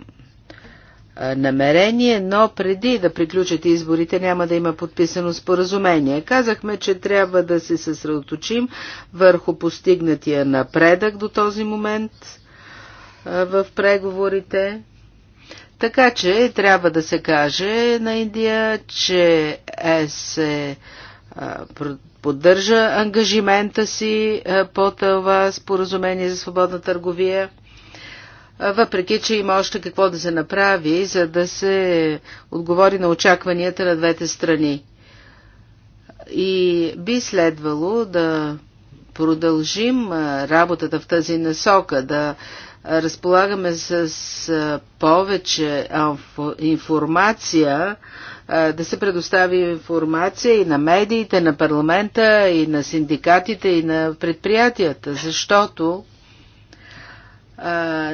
намерение, но преди да приключат изборите няма да има подписано споразумение. Казахме, че трябва да се съсредоточим върху постигнатия напредък до този момент в преговорите така че трябва да се каже на Индия, че е се поддържа ангажимента си по това споразумение за свободна търговия, въпреки че има още какво да се направи, за да се отговори на очакванията на двете страни. И би следвало да продължим работата в тази насока, да разполагаме с повече информация, да се предостави информация и на медиите, на парламента, и на синдикатите, и на предприятията, защото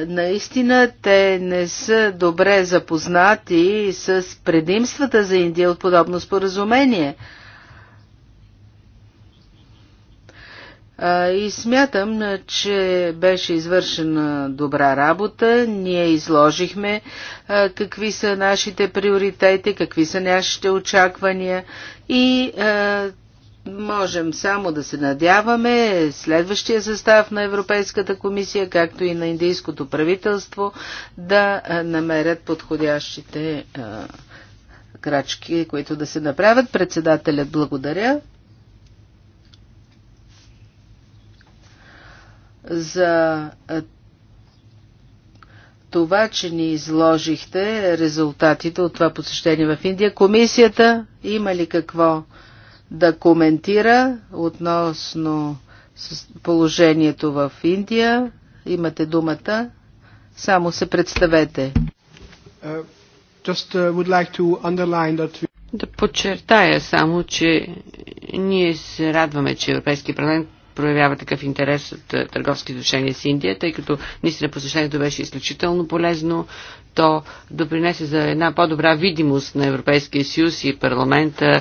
наистина те не са добре запознати с предимствата за Индия от подобно споразумение – И смятам, че беше извършена добра работа. Ние изложихме какви са нашите приоритети, какви са нашите очаквания и можем само да се надяваме следващия състав на Европейската комисия, както и на индийското правителство, да намерят подходящите крачки, които да се направят. Председателят благодаря. за това, че ни изложихте резултатите от това посещение в Индия. Комисията има ли какво да коментира относно положението в Индия? Имате думата. Само се представете. Uh, uh, да подчертая само, че ние се радваме, че Европейски парламент проявява такъв интерес от е, търговски отношения с Индия, тъй като наистина посещението беше изключително полезно. То допринесе за една по-добра видимост на Европейския съюз и парламента, е,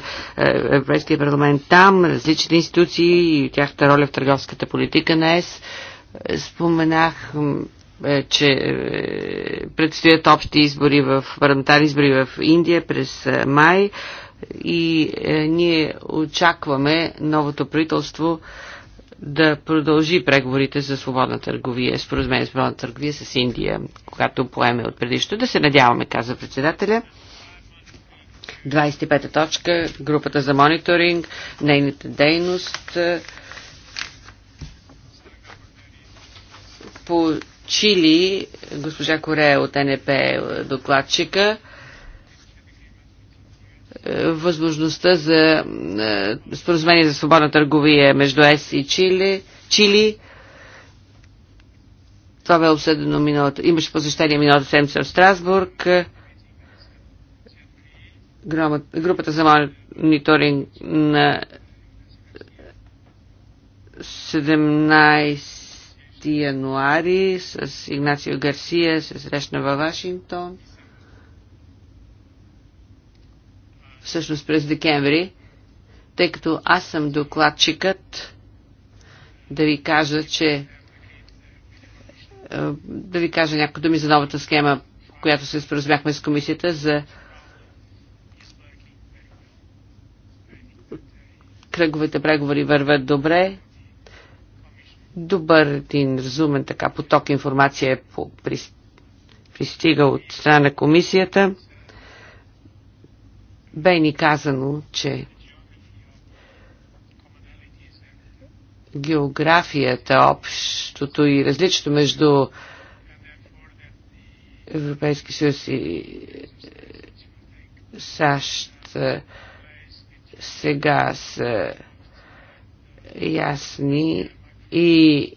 Европейския парламент там, различните институции и тяхта роля в търговската политика на ЕС. Е, споменах че предстоят общи избори в парламентарни избори в Индия през май и ние очакваме новото правителство да продължи преговорите за свободна търговия, споразумение за свободна търговия с Индия, когато поеме от предишното. Да се надяваме, каза председателя. 25-та точка, групата за мониторинг, нейната дейност по Чили, госпожа Корея от НП е, докладчика, възможността за е, споразумение за свободна търговия между ЕС и Чили. Чили. Това бе обсъдено миналото. Имаше посещение миналата седмица в Страсбург. Групата за мониторинг на 17 януари с Игнацио Гарсия се срещна във Вашингтон. всъщност през декември, тъй като аз съм докладчикът, да ви кажа, че е, да ви кажа някои думи за новата схема, която се споразумяхме с комисията за кръговите преговори върват добре. Добър един разумен така поток информация е пристига от страна на комисията бе ни казано, че географията, общото и различното между Европейски съюз и САЩ сега са ясни и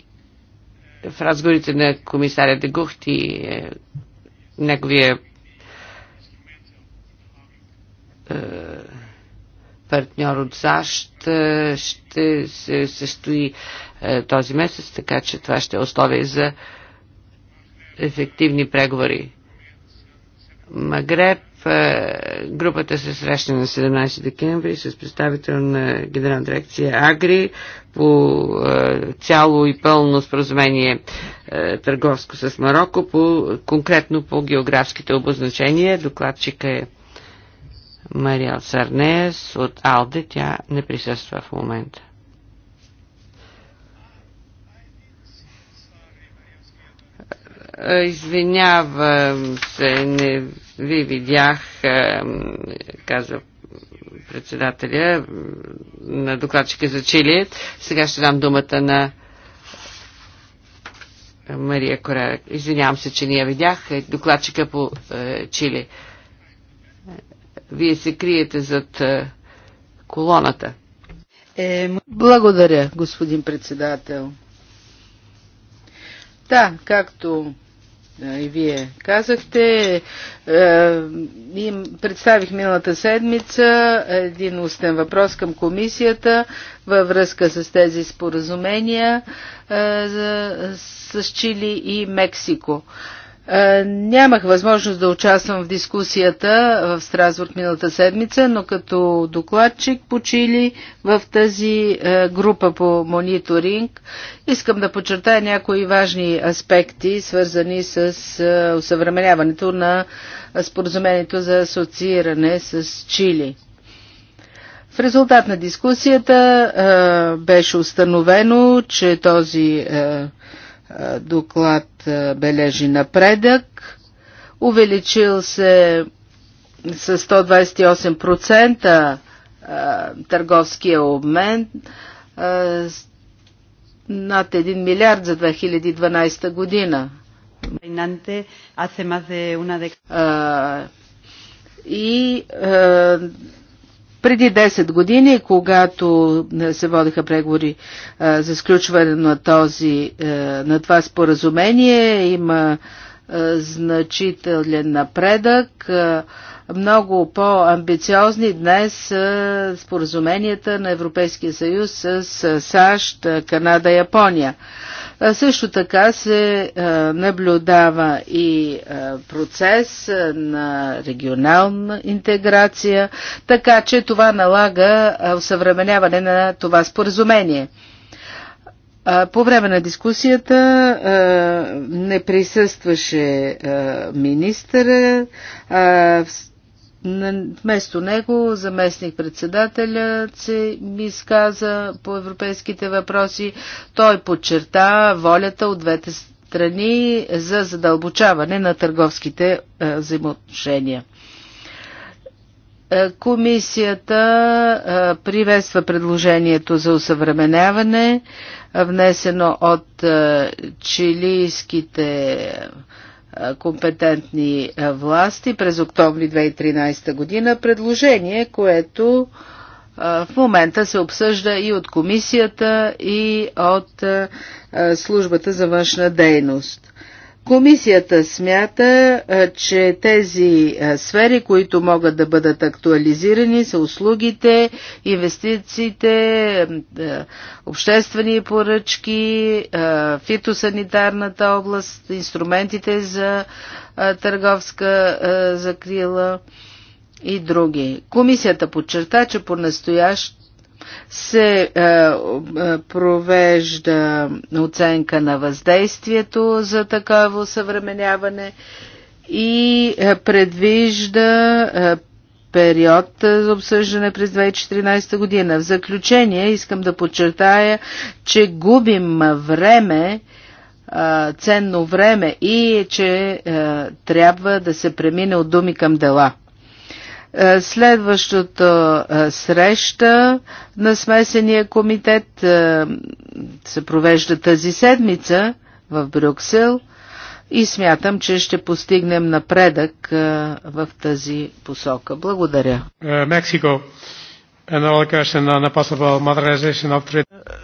в разговорите на комисаря Дегухти, е, неговия е, партньор от САЩ е, ще се състои е, този месец, така че това ще е условие за ефективни преговори. Магреб, групата се срещна на 17 декември с представител на Генерална дирекция Агри по цяло и пълно споразумение търговско с Марокко, по, конкретно по географските обозначения. Докладчика е Мария Сарнес Сарнеес от Алде, тя не присъства в момента. Извинявам се, не ви видях, казва председателя на докладчика за Чили. Сега ще дам думата на Мария Корея. Извинявам се, че не я видях. Е, докладчика по е, Чили. Вие се криете зад е, колоната. Е, благодаря, господин председател. Да, както е, и вие казахте, е, им представих миналата седмица един устен въпрос към комисията във връзка с тези споразумения с Чили и Мексико. Е, нямах възможност да участвам в дискусията в Страсбург миналата седмица, но като докладчик по Чили в тази е, група по мониторинг искам да подчертая някои важни аспекти, свързани с е, усъвременяването на споразумението за асоцииране с Чили. В резултат на дискусията беше установено, че този е, доклад е, бележи напредък. Увеличил се с 128% е, търговския обмен над 1 милиард за 2012 година. И преди 10 години, когато е, се водиха преговори е, за сключване на, този, е, на това споразумение, има значителен напредък. Много по-амбициозни днес са споразуменията на Европейския съюз с САЩ, Канада, и Япония. Също така се наблюдава и процес на регионална интеграция, така че това налага съвременяване на това споразумение. По време на дискусията не присъстваше министъра, Вместо него заместник председателят се изказа по европейските въпроси. Той подчерта волята от двете страни за задълбочаване на търговските е, взаимоотношения. Е, комисията е, приветства предложението за усъвременяване, внесено от чилийските компетентни власти през октомври 2013 година предложение, което в момента се обсъжда и от комисията, и от службата за външна дейност. Комисията смята, че тези сфери, които могат да бъдат актуализирани, са услугите, инвестициите, обществени поръчки, фитосанитарната област, инструментите за търговска закрила и други. Комисията подчерта, че по настоящ се е, е, провежда оценка на въздействието за такаво съвременяване и е, предвижда е, период за обсъждане през 2014 година. В заключение искам да подчертая, че губим време, е, ценно време и че трябва да се премине от думи към дела. Е, Следващото е, среща на смесения комитет е, се провежда тази седмица в Брюксел и смятам, че ще постигнем напредък в тази посока. Благодаря. Мексико. Е,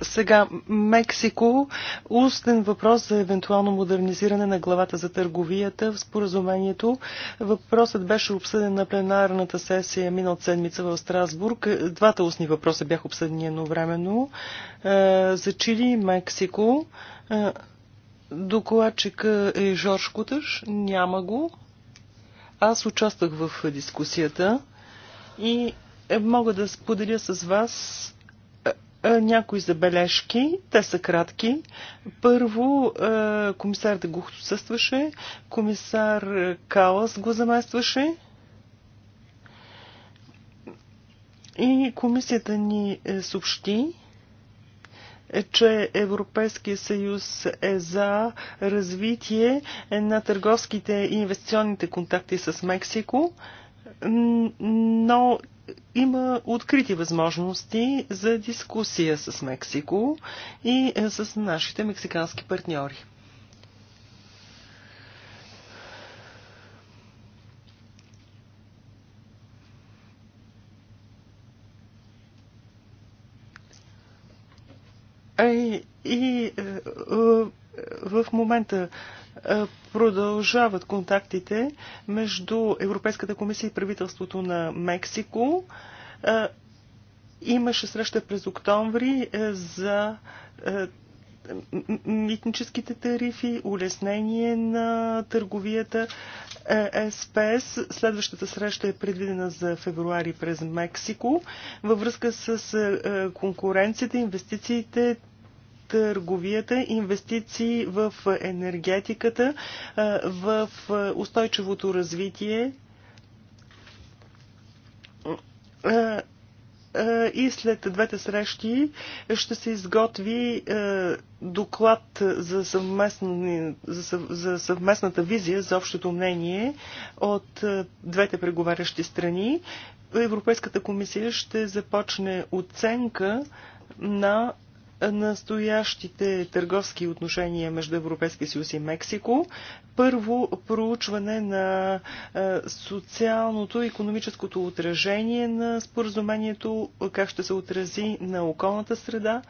сега, Мексико, устен въпрос за евентуално модернизиране на главата за търговията в споразумението. Въпросът беше обсъден на пленарната сесия минал седмица в Страсбург. Е, двата устни въпроса бяха обсъдени едновременно. Е, за Чили и Мексико докладчика е Жорж Кутъш. Няма го. Аз участвах в дискусията и мога да споделя с вас е, е, някои забележки. Те са кратки. Първо, е, комисар да го отсъстваше, комисар Калас го заместваше и комисията ни съобщи, че Европейския съюз е за развитие на търговските и инвестиционните контакти с Мексико, но има открити възможности за дискусия с Мексико и е, с нашите мексикански партньори. Е, и, и е, в момента е, продължават контактите между Европейската комисия и правителството на Мексико. Е, имаше среща през октомври е, за митническите тарифи, улеснение на търговията, СПС. Следващата среща е предвидена за февруари през Мексико във връзка с конкуренцията, инвестициите, търговията, инвестиции в енергетиката, в устойчивото развитие и след двете срещи ще се изготви доклад за, съвместни, за, за съвместната визия за общото мнение от двете преговарящи страни. Европейската комисия ще започне оценка на настоящите търговски отношения между Европейския съюз и Мексико. Първо, проучване на е, социалното и економическото отражение на споразумението, как ще се отрази на околната среда.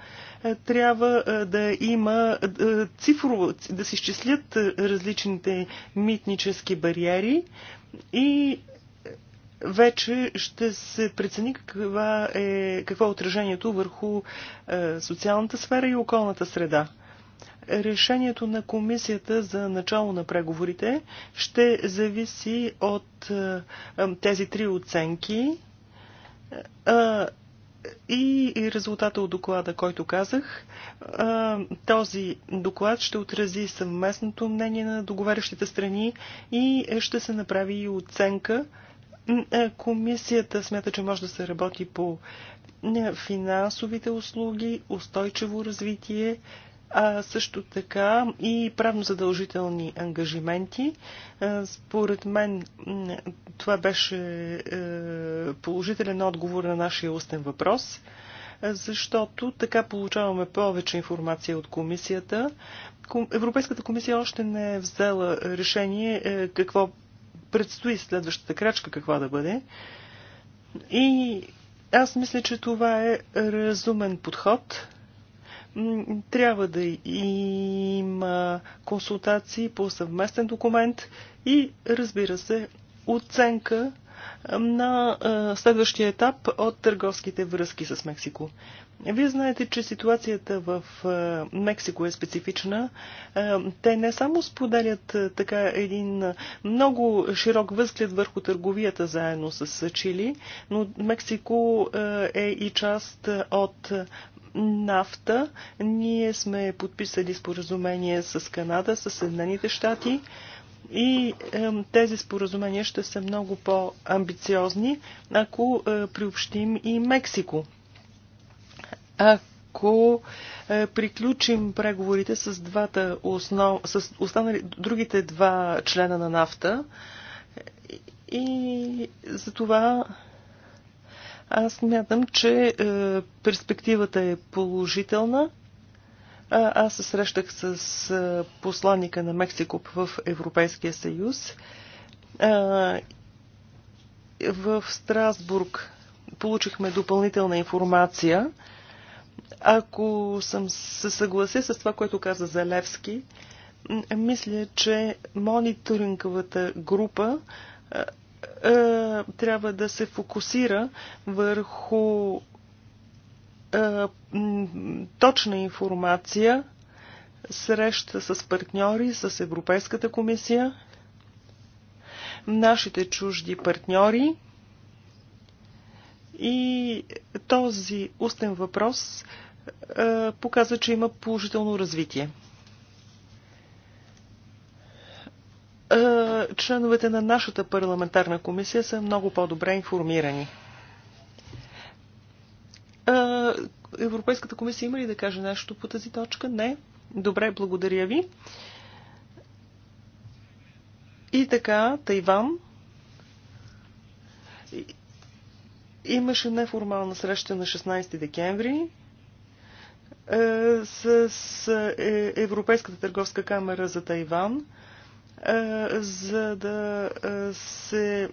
Е, трябва е, да има цифрово, да се изчислят различните митнически бариери и вече ще се прецени каква е, какво е отражението върху е, социалната сфера и околната среда. Решението на комисията за начало на преговорите ще зависи от е, е тези три оценки е, и резултата от доклада, който казах. Е, този доклад ще отрази съвместното мнение на договарящите страни и ще се направи и оценка Комисията смята, че може да се работи по е, финансовите услуги, устойчиво развитие, а също така и правно задължителни ангажименти. Е, според мен това беше е, положителен отговор на нашия устен въпрос, защото така получаваме повече информация от комисията. Европейската комисия още не е взела решение какво предстои следващата крачка каква да бъде. И аз мисля, че това е разумен подход. Трябва да има консултации по съвместен документ и, разбира се, оценка на следващия етап от търговските връзки с Мексико. Вие знаете, че ситуацията в Мексико е специфична. Те не само споделят така един много широк възглед върху търговията заедно с Чили, но Мексико е и част от нафта. Ние сме подписали споразумение с Канада, с Съединените щати и е, тези споразумения ще са много по-амбициозни, ако е, приобщим и Мексико ако е, приключим преговорите с, двата основ... с останали... другите два члена на нафта и за това аз мятам, че е, перспективата е положителна. А, аз се срещах с е, посланника на Мексико в Европейския съюз. А, в Страсбург получихме допълнителна информация. Ако съм се съгласи с това, което каза Залевски, мисля, че мониторинговата група трябва да се фокусира върху точна информация, среща с партньори, с Европейската комисия, нашите чужди партньори, и този устен въпрос е, показва, че има положително развитие. Е, членовете на нашата парламентарна комисия са много по-добре информирани. Е, Европейската комисия има ли да каже нещо по тази точка? Не. Добре, благодаря ви. И така, Тайван. Имаше неформална среща на 16 декември е, с е, Европейската търговска камера за Тайван, е, за да се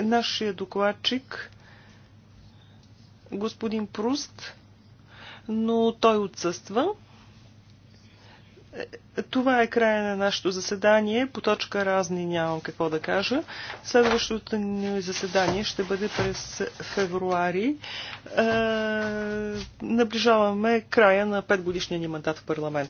нашия докладчик господин Пруст, но той отсъства. Това е края на нашето заседание. По точка разни нямам какво да кажа. Следващото ни заседание ще бъде през февруари. Е, наближаваме края на 5 годишния ни мандат в парламент.